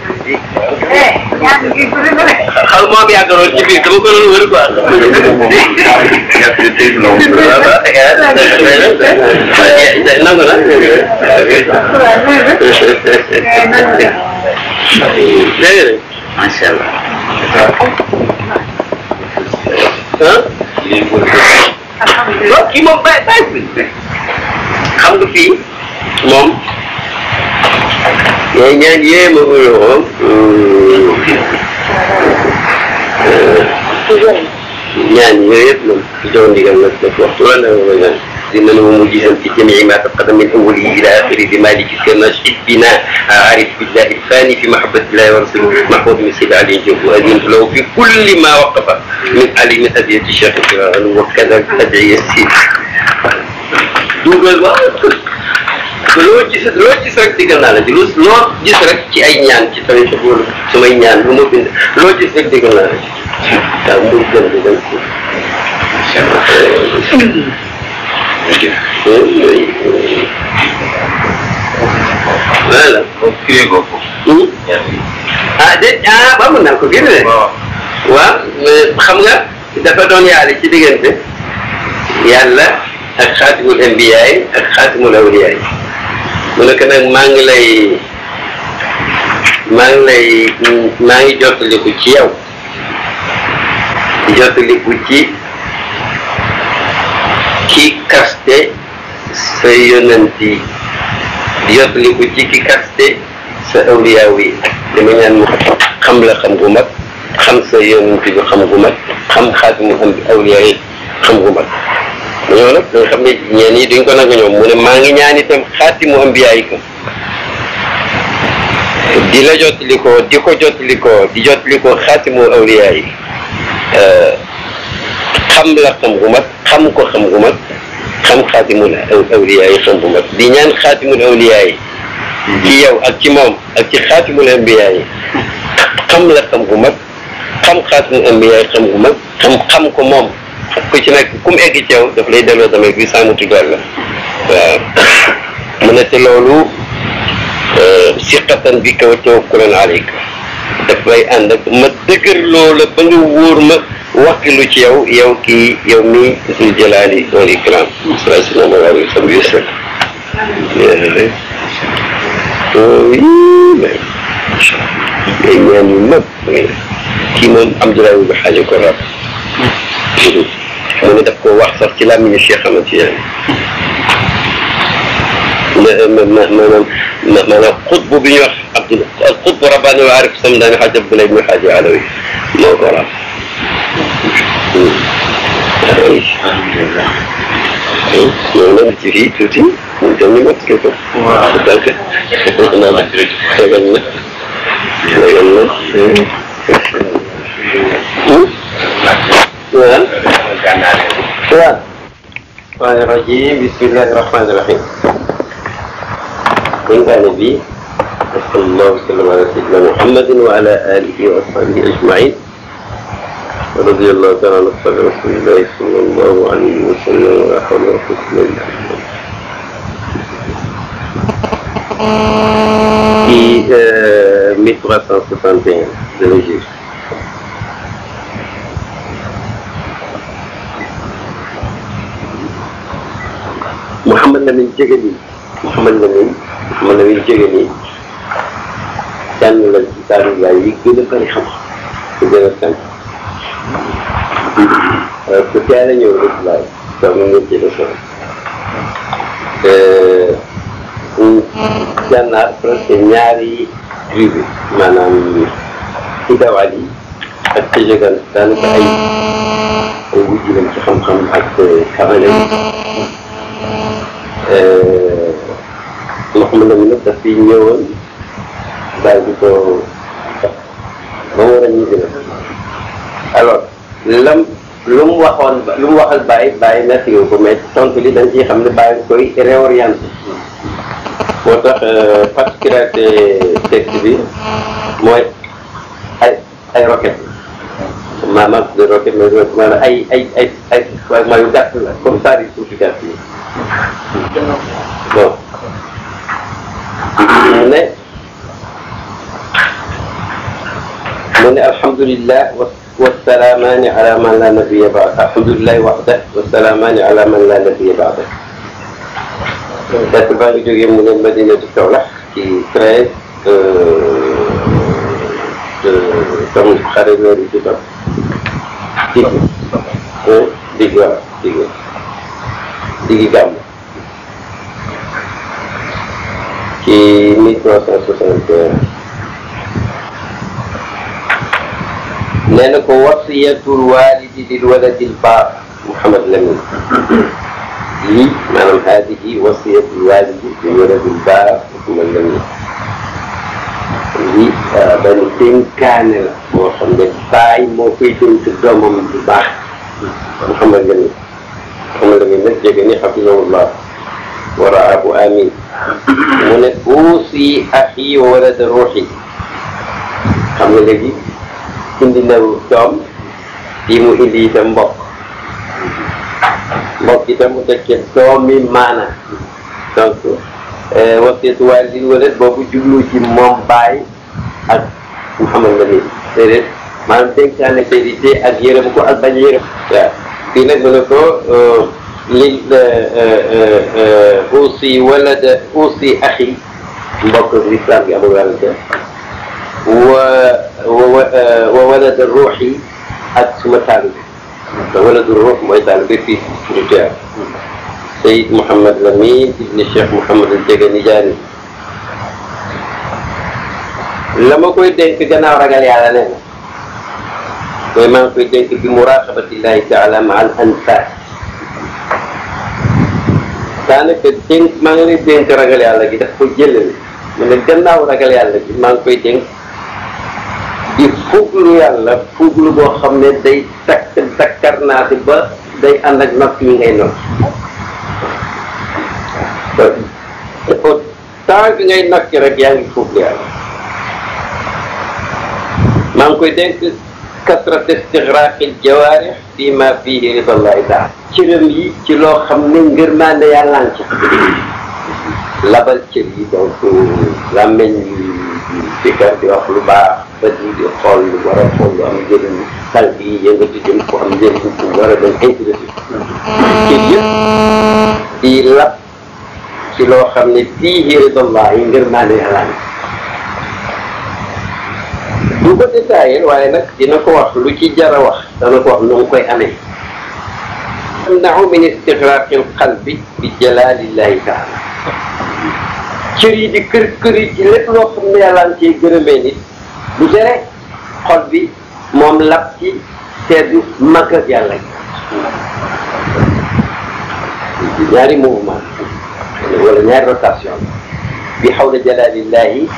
ji. xaw ma bi yàgg lool ci biir dama ko doon wër quoi. nangu na. dégg nga. macha allah. kii moom bàyyi bàyyi xam nga fii moom. ينجي مغلوب يعني يطلب بدون دي قال لك وقتنا ولا إنه موجزا في جميع ما تقدم من أوله إلى آخره بمالك كما شئت بنا عارف بالله الفاني في محبة الله ورسوله محفوظ من سيد علي جوه أدين له في كل ما وقف من علي من أدية الشيخ وكذا أدعي السيد دور الوقت loo gis loo gis rek digal naa la ci loo gis rek ci ay ñaan ci tarixa boobu su may ñaan lu ma bind loo gis rek digal naa la ci waaw muy gën di dem ci voilà. Hmm? ah déet ah ba mun naa ko gën de. waaw xam nga dafa doon yaale ci diggante la ak xaatimul ambiyaay ak xaatimul awliyaay mu nekk nag maa ngi lay maa ngi lay maa ngi jottaliku ci yow di jottaliku ci ki kaste sa yonent yi di ci ki kaste sa awliyaaw yi dama ñaan mu xam la xam gu mag xam sa yonent bi xam gu mag xam xaatimu am xam gu mag mu ñëw nag nga xam ne ñeen ñoom mu ne maa ngi ñaan itam xaatimu ambiyaayikum di la jotlikoo di ko jotlikoo di jotlikoo xaatimu awliyaa yi euh, xam la xam gu mat xam ko xam gu mat xam xaatimul awliyaa yi xam gu mat di ñaan xaatimul awliyaa yi ci yow ak ci moom ak ci xaatimul ambiyaa yi la xam gu mat xam xaatimul ambiyaa yi xam mat xam ko moom ku ci nekk ku mu egg ci yow daf lay delloo tamit bi sàmm tugal la waaw mu ne te loolu euh, siqatan bi kaw tawakkulan aleyk dafay ànd ak ma dëgër loola ba nga wóor ma wàkkilu ci yow yow kii yow mii zul jalaali wal ikram sallallahu alayhi wa sallam ñaan yu mag kii moom Abdoulaye bi xaajo ko rab أنا داك واحد صار كلامي الشيخ أحمد يعني ما ما ما ما ما ما القطب بن عبد القطب ربنا يعرف صمدان حاجة بن ابن حاجة علوي ما وراء Normalmente ri tudo, não tem nenhuma desculpa. Danke. Não, não, pega não. Pega não. Hum? نعم نعم الشيطان الرجيم بسم الله الرحمن الرحيم من كان بي صلى الله وسلم على سيدنا محمد وعلى آله وأصحابه أجمعين رضي الله تعالى عن أصحاب رسول الله صلى الله عليه وسلم ولا حول ولا قوة إلا بالله في 1361 de l'Égypte. Mouhamad Lamine Diegane Mouhamad Lamine Mouhamad Lamine Diegane kenn la ci taaru yaay yi gën a bëri xam ci gën a tànk ku euh, teel a ñëw rek laay donc ñu ngi ciy defal gànnaar presque ñaari tribu maanaam ci dawaal yi ak tëjëgal daanaka ay ay wujj lañ ci xam-xam ak xamale euh, Mouhamed eh, Lamine nag daf fi ñëwoon daal di ko tax ba mu war a ñibbi nag alors lam lu mu waxoon lu mu waxal bàyyi bàyyi merci ko mais tontu li dañ ciy xam ne bàyyi koy réorienté moo tax euh, particularité texte bi mooy ay ay roquette ma marque de roquette mais maanaam ay ay ay ay waaye maa yu gàtt la comme ça الحمد لله والسلامان على من لا نبي بعده الحمد لله وحده والسلامان على من لا نبي بعده هذا بالي جوجي من المدينة الأولى كي تريد اه، اه، تم خارج من الجبل تيجي تيجي diggi gàmm ci mille trois cent soixante nee na ko wasiyatul walidi lil waladil baax Mouhamad Lamin lii maanaam haadihi wasiyatul walidi lil waladil baax Mouhamad Lamin lii euh, benn dénkaane la boo xam ne baay moo koy dénk doomam bu baax Mouhamad Lamin عمر بن الجبني حفظه الله ورعاه آمين من أوصي أخي وولد روحي xam nga léegi indi na doom di mu indi itam mbokk mbokk itam mu tekkee doomi maana donc wasiyatu waalid walad boobu jublu ci moom baay ak muhammad nabi nga ni déedéet maanaam dénkaane sédité ak yërëm ko ak bañ yërëm waaw بنزل فوق آه، آه، آه، أوصي ولد أوصي أخي بطل الإسلام يا أبو ذلك وولد الروحي الروح أتسمى تعلم ولد الروح ما يتعلم في رجاء سيد محمد لمين ابن الشيخ محمد الجغني جاني لما كوي دينك جنا لي على نفسي Memang kereta yang lebih murah seperti lain alam ma'al ansat Kerana kecing memang ini dia yang teragali Allah kita kujil ini Menegana orang kali Allah memang kereta yang Di fuglu Allah, fuglu buah khamnya dari tak tak karna tiba dari anak nak tinggal ini Tak nak kira-kira yang fuglu Allah كثرة استغراق الجوارح فيما فيه رضا الله تعالى كلم لي كلو خمني غير ما لانك لا بل دونك رامن ديكار دي واخ لو با بدي دي خول لو ورا خول ام جيل سال بي ييغا دي كلو خمني فيه رضا الله غير ما لانك du ko détaillé waaye nag dina ko wax lu ci jar a wax dana wax nu mu koy amee yamnahu min istigraqil qalbi bi jalaalillahi taala cër yi di kër kër yi ci lépp loo xam ne yàllaan cee gërëmee nit du bi moom lab ci seddu mag ak yàlla ñaari mouvement wala ñaari rotation bi xawla jalaalillahi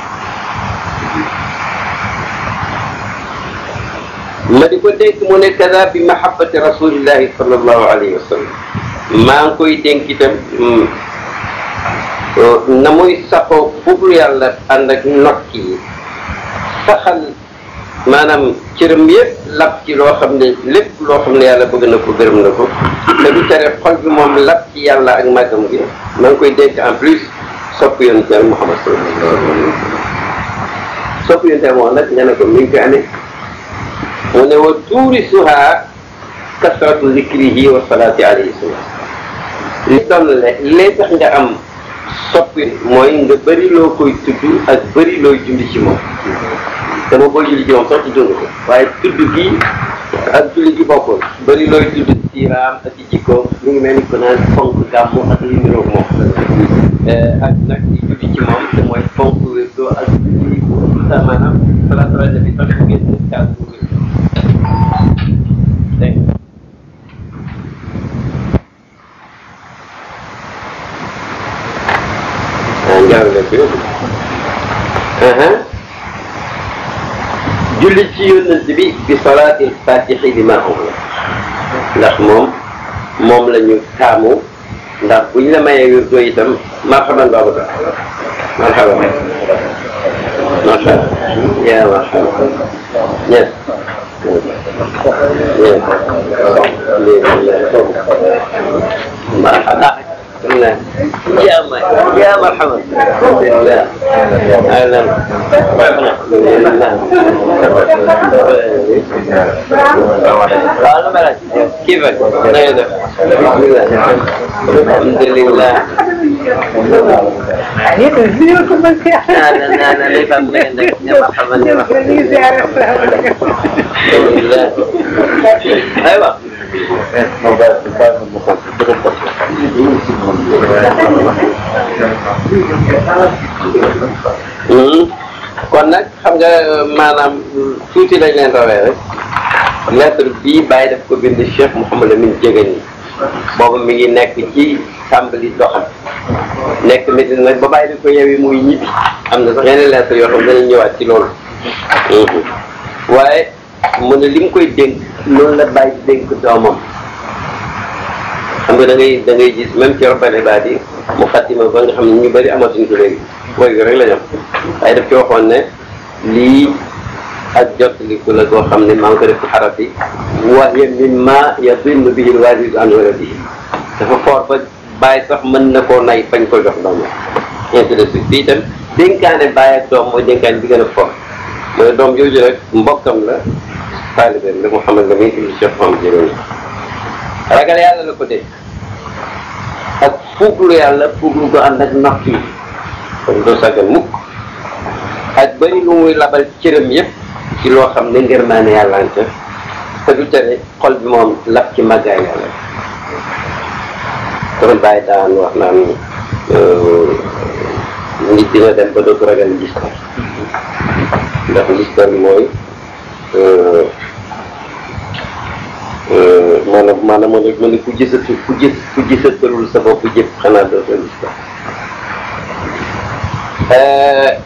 ma di ko dénk mu ne kada bi mahabbati rasulillahi sallallahu alayhi wa sallam maa ngi koy dénk itam mm, na muy saxoo buglu yàlla ànd ak nokk yi saxal maanaam cëram yëpp lab ci loo xam ne lépp loo xam ne yàlla bëgg na ko gërëm na ko te du tere xol bi moom lab ci yàlla ak màggam gi maa ngi koy dénk en plus sopp yonent yàlla Muhammad sallallahu alayhi wa sallam sopp yonent yàlla Muhammad nee na ko mi ngi koy amee mu ne wa tuurisuha kasratu zikrihi wa salaati alayhi salaam li doon nga am soppi mooy nga bëri loo koy tudd ak bëri looy julli ci moom dama koy julli ci moom sax dund ko waaye tudd gi ak julli gi bokkul bari looy tudd siiraam ak jikkoom mi ngi mel ni ko fonk gàmmu ak li moom eh, ak nag di julli ci moom te mooy fonk wérdoo ak mana setelah yang diterbitkan ganggu gitu. jàng na fi julli ci yonent bi bi salati fatihi bi ma hum mom moom moom la ñu taamu ndax buñ la mayee wirdo itam marhaban marhaban Masha. Yeah, Masha. Yeah. Yeah. Yeah. Yeah. Masha. الله يا مرحبا الحمد لله اهلا قالوا ملاك كيفك؟ الحمد لله عليك الفيديو كمان لا لا لا ليس عندك يا يا مرحبا الحمد لله ايوه kon nak xam nga manam tuuti lañ leen rawé rek lettre bi bay def ko bind cheikh mohammed amin jégan yi boobu mi ngi nek ci tambali doxal nek médine nag ba bay def ko yewi muy ñibbi amna sax yene lettre yo xam dañ ñëwaat ci lool waye mu ne li mu koy dénk loolu la bàyyi dénk doomam xam nga da ngay da ngay gis même ci rabban ibaad yi mu xatima ba nga xam ne ñu bëri amatuñ ko léegi woy bi rek la ñam waaye daf ci waxoon ne lii ak jot li ku la koo xam ne maa ngi ko def ci xarab bi wax yem min ma ya dinn bi jël waa jiitu ànd wala bi dafa foor ba bàyyi sax mën na koo nay bañ ko jox doomam ainsi de suite fii itam dénkaane bàyyi ak doom mooy dénkaane bi gën a foor mais doom jooju rek mbokkam la taalibeem la Mouhamed la muy indi Cheikh Mouhamed Jéeri ragal yàlla la ko dee ak fuuglu yàlla fuuglu ko ànd ak napp yi dañ ko sàggal mukk ak bari lu muy labal cëram yépp ci loo xam ne ngir naa ne yàlla ca te du tere xol bi moom lab ci màggaay yàlla kon bàyyi daan wax naan euh, nit dina dem ba dootu ragal liskoor ndax liskoor bi mooy euh, euh, maanaam maanaam mën na mën na ku gisatu ku gis ku gisatalul sa bopp jëpp xanaa dootoo liskoor euh,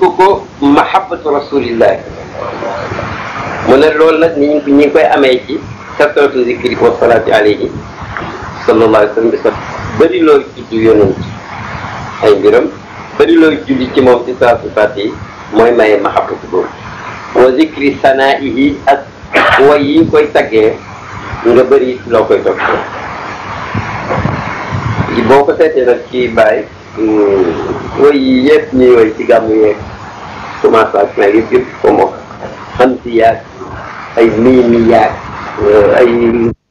ko mahabbatu rasulillah mu ne loolu na ni ñu ñi ngi koy amee ci kasratu zikri wa salaati alayhi sallallahu wa sallam bëri loolu tudd yonent ay mbiram di looy julli ci mom ci saatu su moy yi mooy maye mahabbatu boobu wa zikri sanaihi ak way yi koy tagge nga bari lo koy topp di boko seetee nak ci bay way yi yëpp ñuy way ci gàmm yeeg commencé ak fin yëpp ko mo am si ay mii mi yaag ay